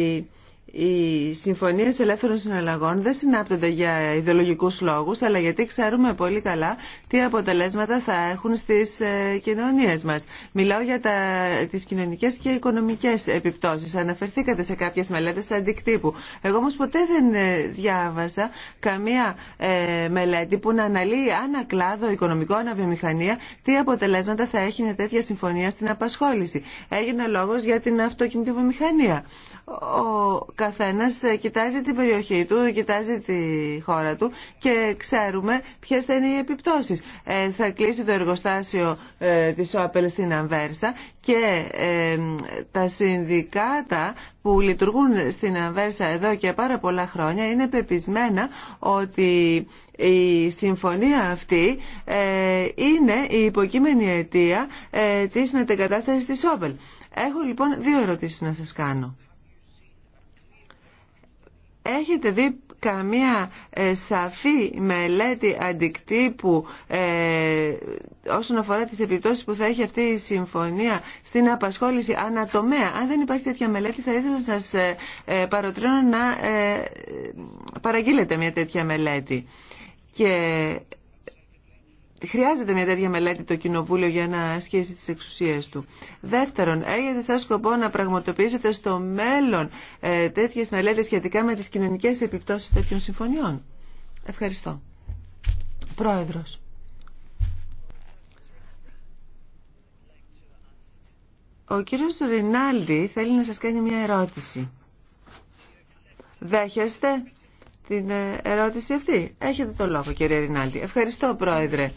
οι συμφωνίε ελεύθερων συναλλαγών δεν συνάπτονται για ιδεολογικού λόγου, αλλά γιατί ξέρουμε πολύ καλά τι αποτελέσματα θα έχουν στι ε, κοινωνίε μα. Μιλάω για τι κοινωνικέ και οικονομικέ επιπτώσει. Αναφερθήκατε σε κάποιε μελέτε αντικτύπου. Εγώ όμω ποτέ δεν ε, διάβασα καμία ε, μελέτη που να αναλύει ανακλάδο κλάδο οικονομικό, βιομηχανία, τι αποτελέσματα θα έχει μια τέτοια συμφωνία στην απασχόληση. Έγινε λόγο για την αυτοκινητοβιομηχανία. Ο καθένας ε, κοιτάζει την περιοχή του, κοιτάζει τη χώρα του και ξέρουμε ποιε θα είναι οι επιπτώσεις. Ε, θα κλείσει το εργοστάσιο ε, της Όπελ στην Αμβέρσα και τα συνδικάτα που λειτουργούν στην Αμβέρσα εδώ και πάρα πολλά χρόνια είναι πεπισμένα ότι η συμφωνία αυτή είναι η υποκείμενη αιτία της μετεγκατάστασης της ΟΠΕΛ. Έχω λοιπόν δύο ερωτήσεις να σας κάνω. Έχετε δει καμία ε, σαφή μελέτη αντικτύπου ε, όσον αφορά τις επιπτώσεις που θα έχει αυτή η συμφωνία στην απασχόληση ανατομέα. Αν δεν υπάρχει τέτοια μελέτη θα ήθελα να σας ε, ε παροτρύνω να ε, παραγγείλετε μια τέτοια μελέτη. Χρειάζεται μια τέτοια μελέτη το Κοινοβούλιο για να ασκήσει τις εξουσίες του. Δεύτερον, έχετε σαν σκοπό να πραγματοποιήσετε στο μέλλον ε, τέτοιες μελέτες σχετικά με τις κοινωνικές επιπτώσεις τέτοιων συμφωνιών. Ευχαριστώ. Πρόεδρος. Ο κύριος Ρινάλντι θέλει να σας κάνει μια ερώτηση. Δέχεστε την ε, ερώτηση αυτή. Έχετε το λόγο κύριε Ρινάλτη. Ευχαριστώ πρόεδρε.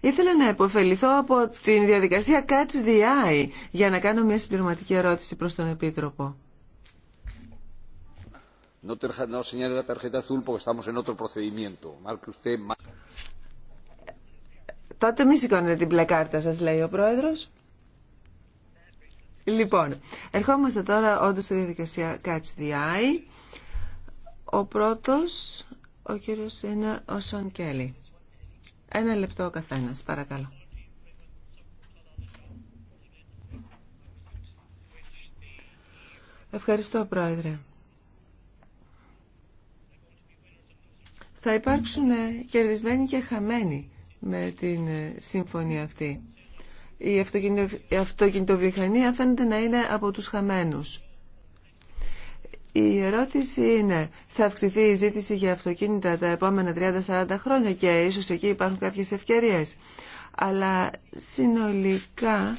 Ήθελα να επωφεληθώ από την διαδικασία Catch the Eye για να κάνω μια συμπληρωματική ερώτηση προς τον Επίτροπο. Τότε μη σηκώνετε την πλακάρτα, σας, λέει ο Πρόεδρος. Λοιπόν, ερχόμαστε τώρα όντως στη διαδικασία Catch the Eye. Ο πρώτος, ο κύριος είναι ο Σον Κέλλη. Ένα λεπτό ο καθένας, παρακαλώ. Ευχαριστώ, Πρόεδρε. Θα υπάρξουν ε, κερδισμένοι και χαμένοι με την ε, σύμφωνία αυτή. Η αυτοκινητοβιομηχανία φαίνεται να είναι από τους χαμένους. Η ερώτηση είναι, θα αυξηθεί η ζήτηση για αυτοκίνητα τα επόμενα 30-40 χρόνια και ίσως εκεί υπάρχουν κάποιες ευκαιρίες. Αλλά συνολικά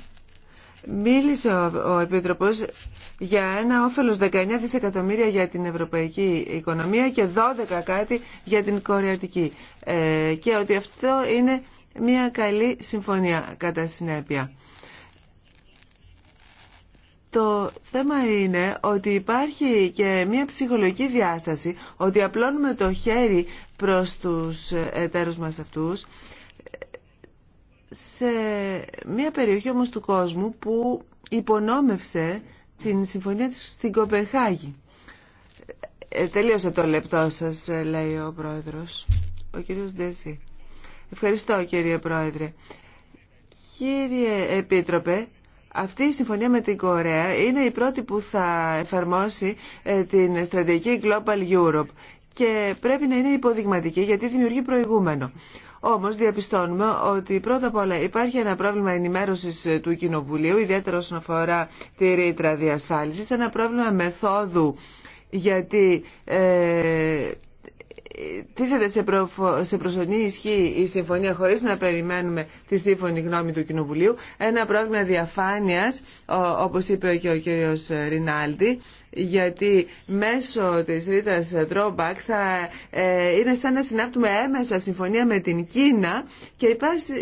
μίλησε ο, ο Επίτροπος για ένα όφελος 19 δισεκατομμύρια για την ευρωπαϊκή οικονομία και 12 κάτι για την κορεατική. Ε, και ότι αυτό είναι μια καλή συμφωνία κατά συνέπεια. Το θέμα είναι ότι υπάρχει και μια ψυχολογική διάσταση ότι απλώνουμε το χέρι προς τους εταίρους μας αυτούς σε μια περιοχή όμως του κόσμου που υπονόμευσε την συμφωνία της στην Κοπεχάγη. Ε, τελείωσε το λεπτό σας, λέει ο πρόεδρος. Ο κύριος Ντέση. Ευχαριστώ, κύριε πρόεδρε. Κύριε Επίτροπε, αυτή η συμφωνία με την Κορέα είναι η πρώτη που θα εφαρμόσει ε, την στρατηγική Global Europe και πρέπει να είναι υποδειγματική γιατί δημιουργεί προηγούμενο. Όμως διαπιστώνουμε ότι πρώτα απ' όλα υπάρχει ένα πρόβλημα ενημέρωσης ε, του Κοινοβουλίου, ιδιαίτερα όσον αφορά τη ρήτρα διασφάλισης, ένα πρόβλημα μεθόδου γιατί ε, τίθεται σε, προφο... σε προσωρινή ισχύ η συμφωνία χωρίς να περιμένουμε τη σύμφωνη γνώμη του Κοινοβουλίου, ένα πρόβλημα διαφάνειας, όπως είπε και ο κύριος Ρινάλντι, γιατί μέσω της ρήτας drawback θα ε, είναι σαν να συνάπτουμε έμεσα συμφωνία με την Κίνα και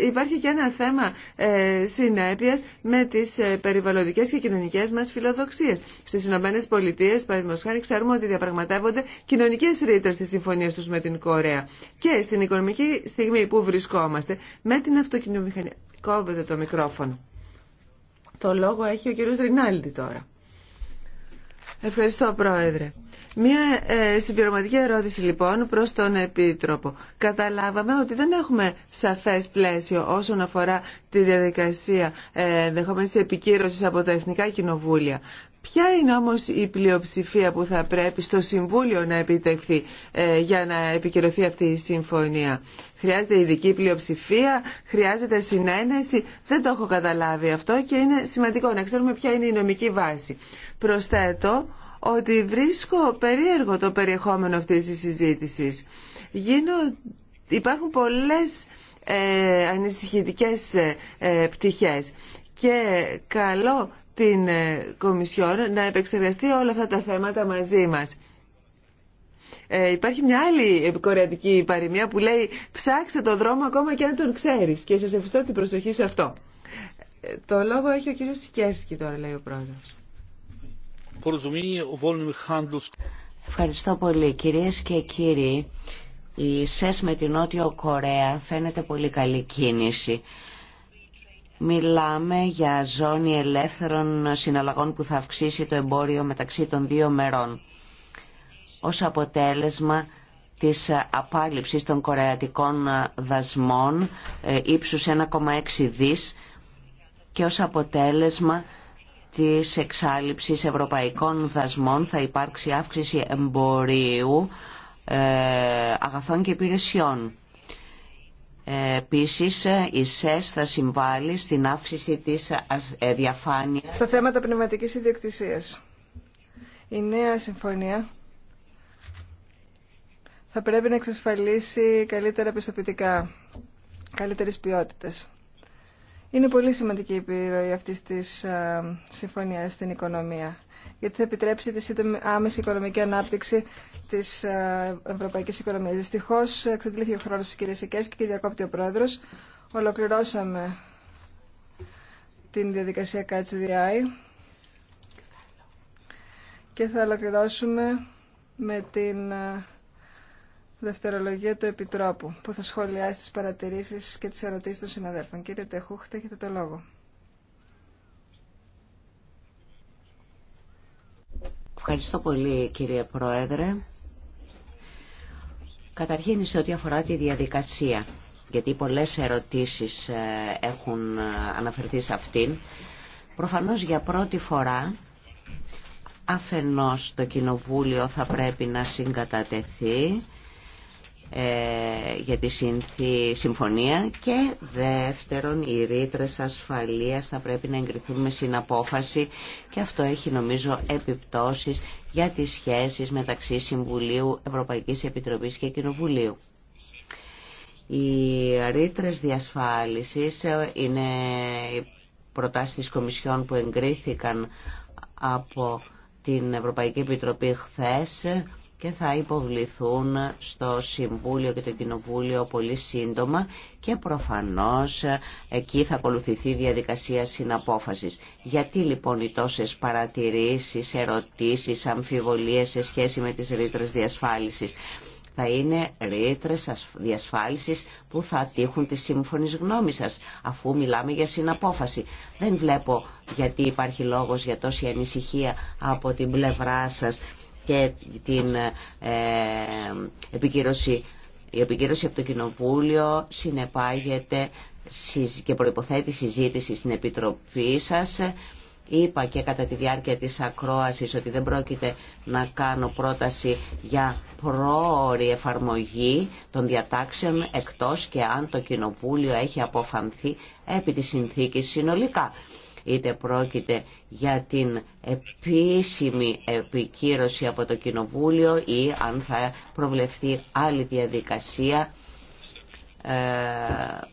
υπάρχει και ένα θέμα ε, συνέπειας με τις ε, περιβαλλοντικές και κοινωνικές μας φιλοδοξίες. Στις Ηνωμένες Πολιτείες, παραδείγματος χάρη, ξέρουμε ότι διαπραγματεύονται κοινωνικές ρήτρες στις συμφωνίες τους με την Κορέα. Και στην οικονομική στιγμή που βρισκόμαστε, με την αυτοκινητομηχανία... Κόβεται το μικρόφωνο. Το λόγο έχει ο κύριος Ρινάλντι τώρα. Ευχαριστώ, Πρόεδρε. Μία ε, συμπληρωματική ερώτηση, λοιπόν, προς τον Επίτροπο. Καταλάβαμε ότι δεν έχουμε σαφές πλαίσιο όσον αφορά τη διαδικασία ε, ενδεχομένης επικύρωσης από τα Εθνικά Κοινοβούλια. Ποια είναι όμως η πλειοψηφία που θα πρέπει στο Συμβούλιο να επιτευχθεί ε, για να επικυρωθεί αυτή η συμφωνία. Χρειάζεται ειδική πλειοψηφία, χρειάζεται συνένεση. Δεν το έχω καταλάβει αυτό και είναι σημαντικό να ξέρουμε ποια είναι η νομική βάση. Προσθέτω ότι βρίσκω περίεργο το περιεχόμενο αυτής της συζήτησης. Γίνω... Υπάρχουν πολλές ε, ανησυχητικές ε, ε, πτυχές και καλό την ε, Κομισιόν να επεξεργαστεί όλα αυτά τα θέματα μαζί μας. Ε, υπάρχει μια άλλη κορεατική παροιμία που λέει «Ψάξε το δρόμο ακόμα και αν τον ξέρεις» και σας ευχαριστώ την προσοχή σε αυτό. Ε, το λόγο έχει ο κ. Σικέσκη τώρα, λέει ο πρόεδρος. Ευχαριστώ πολύ. Κυρίες και κύριοι, η ΣΕΣ με την Νότιο Κορέα φαίνεται πολύ καλή κίνηση. Μιλάμε για ζώνη ελεύθερων συναλλαγών που θα αυξήσει το εμπόριο μεταξύ των δύο μερών. Ως αποτέλεσμα της απάλληψης των κορεατικών δασμών ε, ύψους 1,6 δις και ως αποτέλεσμα της εξάλληψης ευρωπαϊκών δασμών θα υπάρξει αύξηση εμπορίου ε, αγαθών και υπηρεσιών. Ε, επίσης, η ΣΕΣ θα συμβάλλει στην αύξηση της ε, διαφάνειας. Στα θέματα πνευματικής ιδιοκτησίας. Η νέα συμφωνία θα πρέπει να εξασφαλίσει καλύτερα πιστοποιητικά, καλύτερης ποιότητας. Είναι πολύ σημαντική η επιρροή αυτή τη συμφωνία στην οικονομία, γιατί θα επιτρέψει τη σύντομη άμεση οικονομική ανάπτυξη τη ευρωπαϊκή οικονομία. Δυστυχώ, εξαντλήθηκε ο χρόνο τη κυρία Σικέρσκη και διακόπτει ο πρόεδρο. Ολοκληρώσαμε την διαδικασία Catch και θα ολοκληρώσουμε με την δευτερολογία του Επιτρόπου που θα σχολιάσει τις παρατηρήσεις και τις ερωτήσεις των συναδέλφων. Κύριε Τεχούχτα, έχετε το λόγο. Ευχαριστώ πολύ κύριε Πρόεδρε. Καταρχήν σε ό,τι αφορά τη διαδικασία, γιατί πολλές ερωτήσεις ε, έχουν ε, αναφερθεί σε αυτήν. Προφανώς για πρώτη φορά αφενός το Κοινοβούλιο θα πρέπει να συγκατατεθεί ε, για τη συμφωνία και δεύτερον οι ρήτρες ασφαλείας θα πρέπει να εγκριθούν με συναπόφαση και αυτό έχει νομίζω επιπτώσεις για τις σχέσεις μεταξύ Συμβουλίου, Ευρωπαϊκής Επιτροπής και Κοινοβουλίου. Οι ρήτρε διασφάλισης ε, είναι οι προτάσεις της Κομισιόν που εγκρίθηκαν από την Ευρωπαϊκή Επιτροπή χθες και θα υποβληθούν στο Συμβούλιο και το Κοινοβούλιο πολύ σύντομα και προφανώς ε, εκεί θα ακολουθηθεί η διαδικασία συναπόφασης. Γιατί λοιπόν οι τόσες παρατηρήσεις, ερωτήσεις, αμφιβολίες σε σχέση με τις ρήτρες διασφάλισης. Θα είναι ρήτρες διασφάλισης που θα τύχουν τη σύμφωνη γνώμη σας, αφού μιλάμε για συναπόφαση. Δεν βλέπω γιατί υπάρχει λόγος για τόση ανησυχία από την πλευρά σας και την ε, επικύρωση. Η επικύρωση από το Κοινοβούλιο συνεπάγεται και προϋποθέτει συζήτηση στην Επιτροπή σας. Είπα και κατά τη διάρκεια της ακρόασης ότι δεν πρόκειται να κάνω πρόταση για πρόορη εφαρμογή των διατάξεων εκτός και αν το Κοινοβούλιο έχει αποφανθεί επί της συνθήκης συνολικά είτε πρόκειται για την επίσημη επικύρωση από το Κοινοβούλιο ή αν θα προβλεφθεί άλλη διαδικασία ε,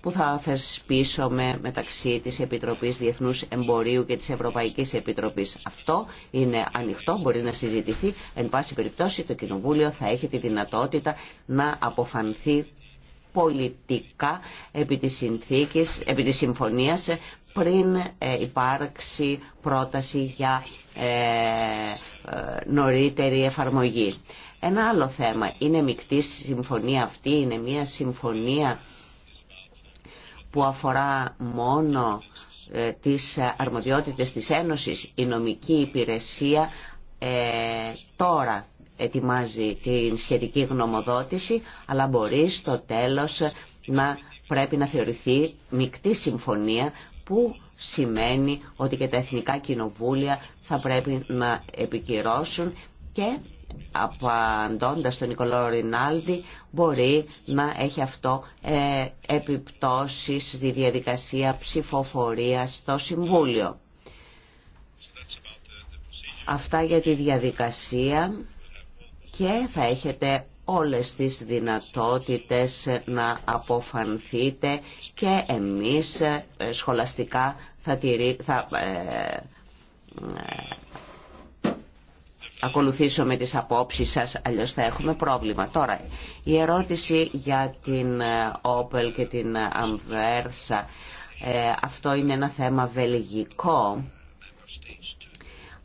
που θα θεσπίσουμε μεταξύ της Επιτροπής Διεθνούς Εμπορίου και της Ευρωπαϊκής Επιτροπής. Αυτό είναι ανοιχτό, μπορεί να συζητηθεί. Εν πάση περιπτώσει το Κοινοβούλιο θα έχει τη δυνατότητα να αποφανθεί πολιτικά επί της, συνθήκης, επί της συμφωνίας πριν ε, υπάρξει πρόταση για ε, ε, νωρίτερη εφαρμογή. Ένα άλλο θέμα. Είναι μεικτή συμφωνία αυτή, είναι μια συμφωνία που αφορά μόνο τις αρμοδιότητες της Ένωσης. Η νομική υπηρεσία τώρα ετοιμάζει την σχετική γνωμοδότηση, αλλά μπορεί στο τέλος να πρέπει να θεωρηθεί μεικτή συμφωνία που σημαίνει ότι και τα εθνικά κοινοβούλια θα πρέπει να επικυρώσουν και απαντώντας τον Νικολό Ρινάλδη μπορεί να έχει αυτό ε, επιπτώσεις στη διαδικασία ψηφοφορίας στο Συμβούλιο. Αυτά για τη διαδικασία και θα έχετε όλες τις δυνατότητες να αποφανθείτε και εμείς ε, σχολαστικά θα, θα ε, ε, ακολουθήσουμε τις απόψεις σας, αλλιώς θα έχουμε πρόβλημα. Τώρα, η ερώτηση για την ε, Όπελ και την Αμβέρσα, ε, αυτό είναι ένα θέμα βελγικό,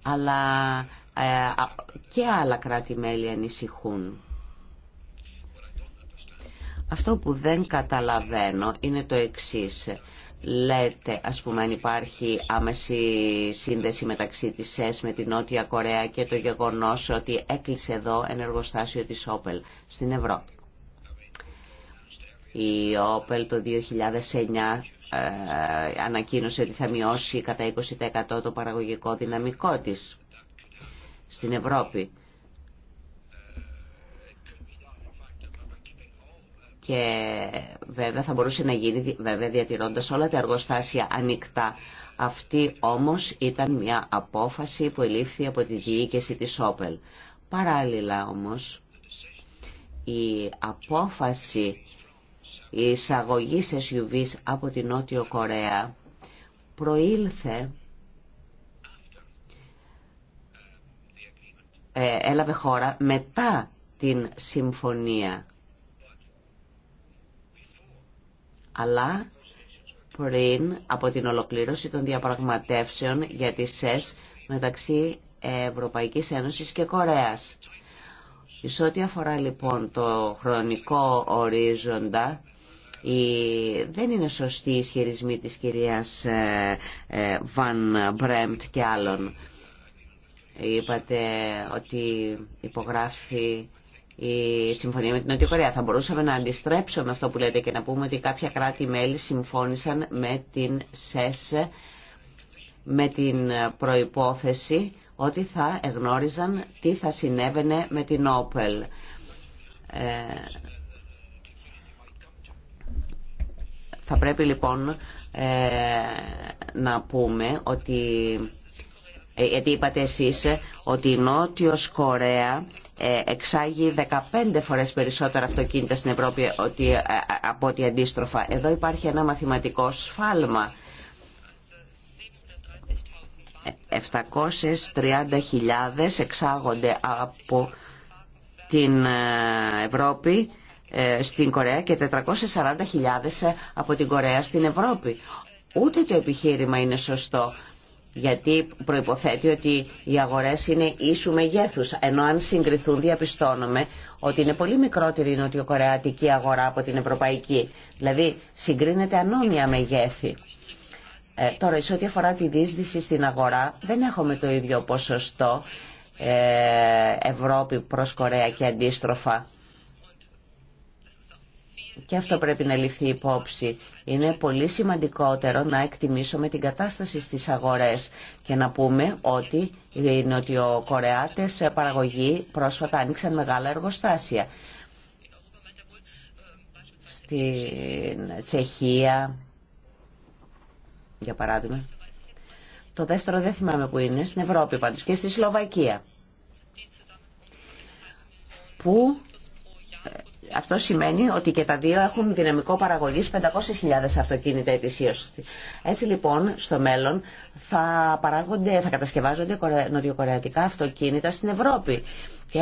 αλλά και άλλα κράτη-μέλη ανησυχούν. Αυτό που δεν καταλαβαίνω είναι το εξής. Λέτε, ας πούμε, αν υπάρχει άμεση σύνδεση μεταξύ της ΣΕΣ με την Νότια Κορέα και το γεγονός ότι έκλεισε εδώ ένα εργοστάσιο της Όπελ στην Ευρώπη. Η Όπελ το 2009 ε, ανακοίνωσε ότι θα μειώσει κατά 20% το παραγωγικό δυναμικό της στην Ευρώπη. και βέβαια θα μπορούσε να γίνει βέβαια διατηρώντας όλα τα εργοστάσια ανοιχτά. Αυτή όμως ήταν μια απόφαση που ελήφθη από τη διοίκηση της Όπελ. Παράλληλα όμως η απόφαση η εισαγωγή SUV από την Νότιο Κορέα προήλθε ε, έλαβε χώρα μετά την συμφωνία αλλά πριν από την ολοκλήρωση των διαπραγματεύσεων για τις ΣΕΣ μεταξύ Ευρωπαϊκής Ένωσης και Κορέας. Σε ό,τι αφορά λοιπόν το χρονικό ορίζοντα, η... δεν είναι σωστή η ισχυρισμή της κυρίας ε, ε, Βαν Μπρέμπτ και άλλων. Είπατε ότι υπογράφει η συμφωνία με την Νότια Κορέα. Θα μπορούσαμε να αντιστρέψουμε αυτό που λέτε και να πούμε ότι κάποια κράτη-μέλη συμφώνησαν με την ΣΕΣ με την προϋπόθεση ότι θα εγνώριζαν τι θα συνέβαινε με την Όπελ. Ε, θα πρέπει λοιπόν ε, να πούμε ότι, ε, γιατί είπατε εσείς ότι η Νότιος Κορέα ε, εξάγει 15 φορές περισσότερα αυτοκίνητα στην Ευρώπη ε, από ό,τι αντίστροφα. Εδώ υπάρχει ένα μαθηματικό σφάλμα. 730.000 εξάγονται από την ε, Ευρώπη στην Κορέα και 440.000 από την Κορέα στην Ευρώπη. Ούτε το επιχείρημα είναι σωστό γιατί προϋποθέτει ότι οι αγορές είναι ίσου μεγέθους, ενώ αν συγκριθούν διαπιστώνουμε ότι είναι πολύ μικρότερη η νοτιοκορεατική αγορά από την ευρωπαϊκή. Δηλαδή συγκρίνεται ανώμια μεγέθη. Ε, τώρα, σε ό,τι αφορά τη δίσδυση στην αγορά, δεν έχουμε το ίδιο ποσοστό ε, Ευρώπη προς Κορέα και αντίστροφα. Και αυτό πρέπει να ληφθεί υπόψη. Είναι πολύ σημαντικότερο να εκτιμήσουμε την κατάσταση στις αγορές και να πούμε ότι οι νοτιοκορεάτες παραγωγή πρόσφατα άνοιξαν μεγάλα εργοστάσια. Στην Τσεχία, για παράδειγμα. Το δεύτερο δεν θυμάμαι που είναι, στην Ευρώπη πάντως και στη Σλοβακία. Που αυτό σημαίνει ότι και τα δύο έχουν δυναμικό παραγωγής 500.000 αυτοκίνητα ετησίως. Έτσι λοιπόν στο μέλλον θα, παράγονται, θα κατασκευάζονται νοτιοκορεατικά αυτοκίνητα στην Ευρώπη και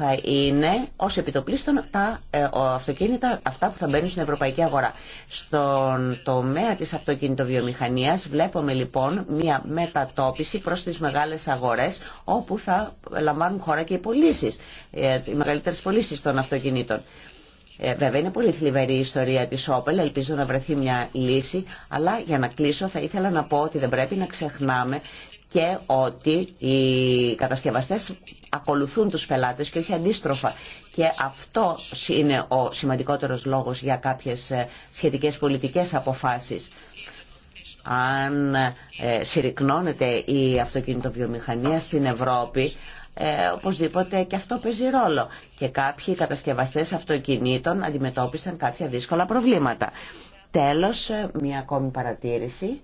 θα είναι ως επιτοπλίστων τα ε, αυτοκίνητα αυτά που θα μπαίνουν στην ευρωπαϊκή αγορά. Στον τομέα της αυτοκινητοβιομηχανίας βλέπουμε λοιπόν μια μετατόπιση προς τις μεγάλες αγορές όπου θα λαμβάνουν χώρα και οι πωλήσει, ε, οι μεγαλύτερες πωλήσει των αυτοκινήτων. Ε, βέβαια είναι πολύ θλιβερή η ιστορία της Όπελ, ελπίζω να βρεθεί μια λύση, αλλά για να κλείσω θα ήθελα να πω ότι δεν πρέπει να ξεχνάμε και ότι οι κατασκευαστές ακολουθούν τους πελάτες και όχι αντίστροφα. Και αυτό είναι ο σημαντικότερος λόγος για κάποιες ε, σχετικές πολιτικές αποφάσεις. Αν ε, συρρυκνώνεται η αυτοκινητοβιομηχανία στην Ευρώπη, ε, οπωσδήποτε και αυτό παίζει ρόλο. Και κάποιοι κατασκευαστές αυτοκινήτων αντιμετώπισαν κάποια δύσκολα προβλήματα. Τέλος, ε, μια ακόμη παρατήρηση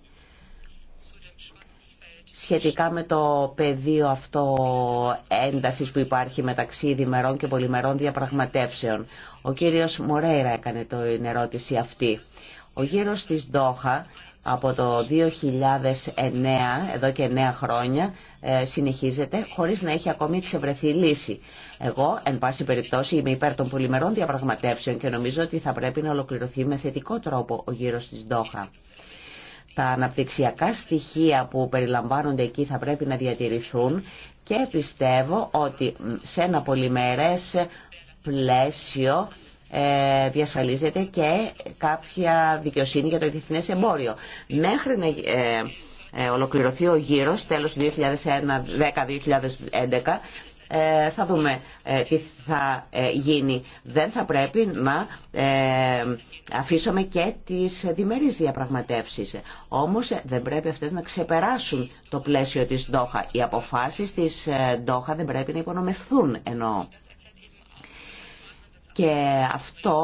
σχετικά με το πεδίο αυτό έντασης που υπάρχει μεταξύ διμερών και πολυμερών διαπραγματεύσεων. Ο κύριος Μορέιρα έκανε την ερώτηση αυτή. Ο γύρος της Ντόχα από το 2009, εδώ και 9 χρόνια, ε, συνεχίζεται χωρίς να έχει ακόμη εξευρεθεί λύση. Εγώ, εν πάση περιπτώσει, είμαι υπέρ των πολυμερών διαπραγματεύσεων και νομίζω ότι θα πρέπει να ολοκληρωθεί με θετικό τρόπο ο γύρος της Ντόχα τα αναπτυξιακά στοιχεία που περιλαμβάνονται εκεί θα πρέπει να διατηρηθούν και πιστεύω ότι σε ένα πολυμερές πλαίσιο ε, διασφαλίζεται και κάποια δικαιοσύνη για το διεθνές εμπόριο. Μέχρι να ε, ε, ολοκληρωθεί ο γύρος τέλος 2010-2011 ε, θα δούμε ε, τι θα ε, γίνει. Δεν θα πρέπει να αφήσουμε και τις διμερείς διαπραγματεύσεις. Όμως δεν πρέπει αυτές να ξεπεράσουν το πλαίσιο της Ντόχα. Οι αποφάσεις της Ντόχα δεν πρέπει να υπονομευθούν εννοώ. Και αυτό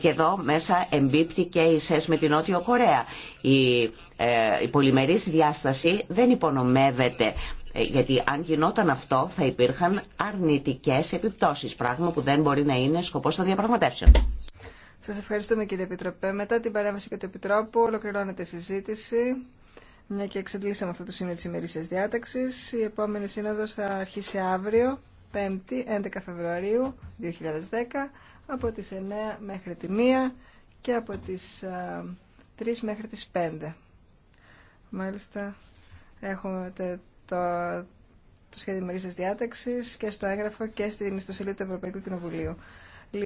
και εδώ μέσα εμπίπτει και η ΣΕΣ με την Νότιο Κορέα. Η, η πολυμερής διάσταση δεν υπονομεύεται ε, γιατί αν γινόταν αυτό θα υπήρχαν αρνητικές επιπτώσεις, πράγμα που δεν μπορεί να είναι σκοπός των διαπραγματεύσεων. Σας ευχαριστούμε κύριε Επιτροπέ. Μετά την παρέμβαση και του Επιτρόπου ολοκληρώνεται η συζήτηση. Μια και εξαντλήσαμε αυτό το σημείο της ημερήσιας διάταξης. Η επόμενη σύνοδος θα αρχίσει αύριο, 5η, 11 Φεβρουαρίου 2010, από τις 9 μέχρι τη 1 και από τις 3 μέχρι τις 5. Μάλιστα, έχουμε το, το σχέδιο μερίσας διάταξης και στο έγγραφο και στην ιστοσελίδα του Ευρωπαϊκού Κοινοβουλίου.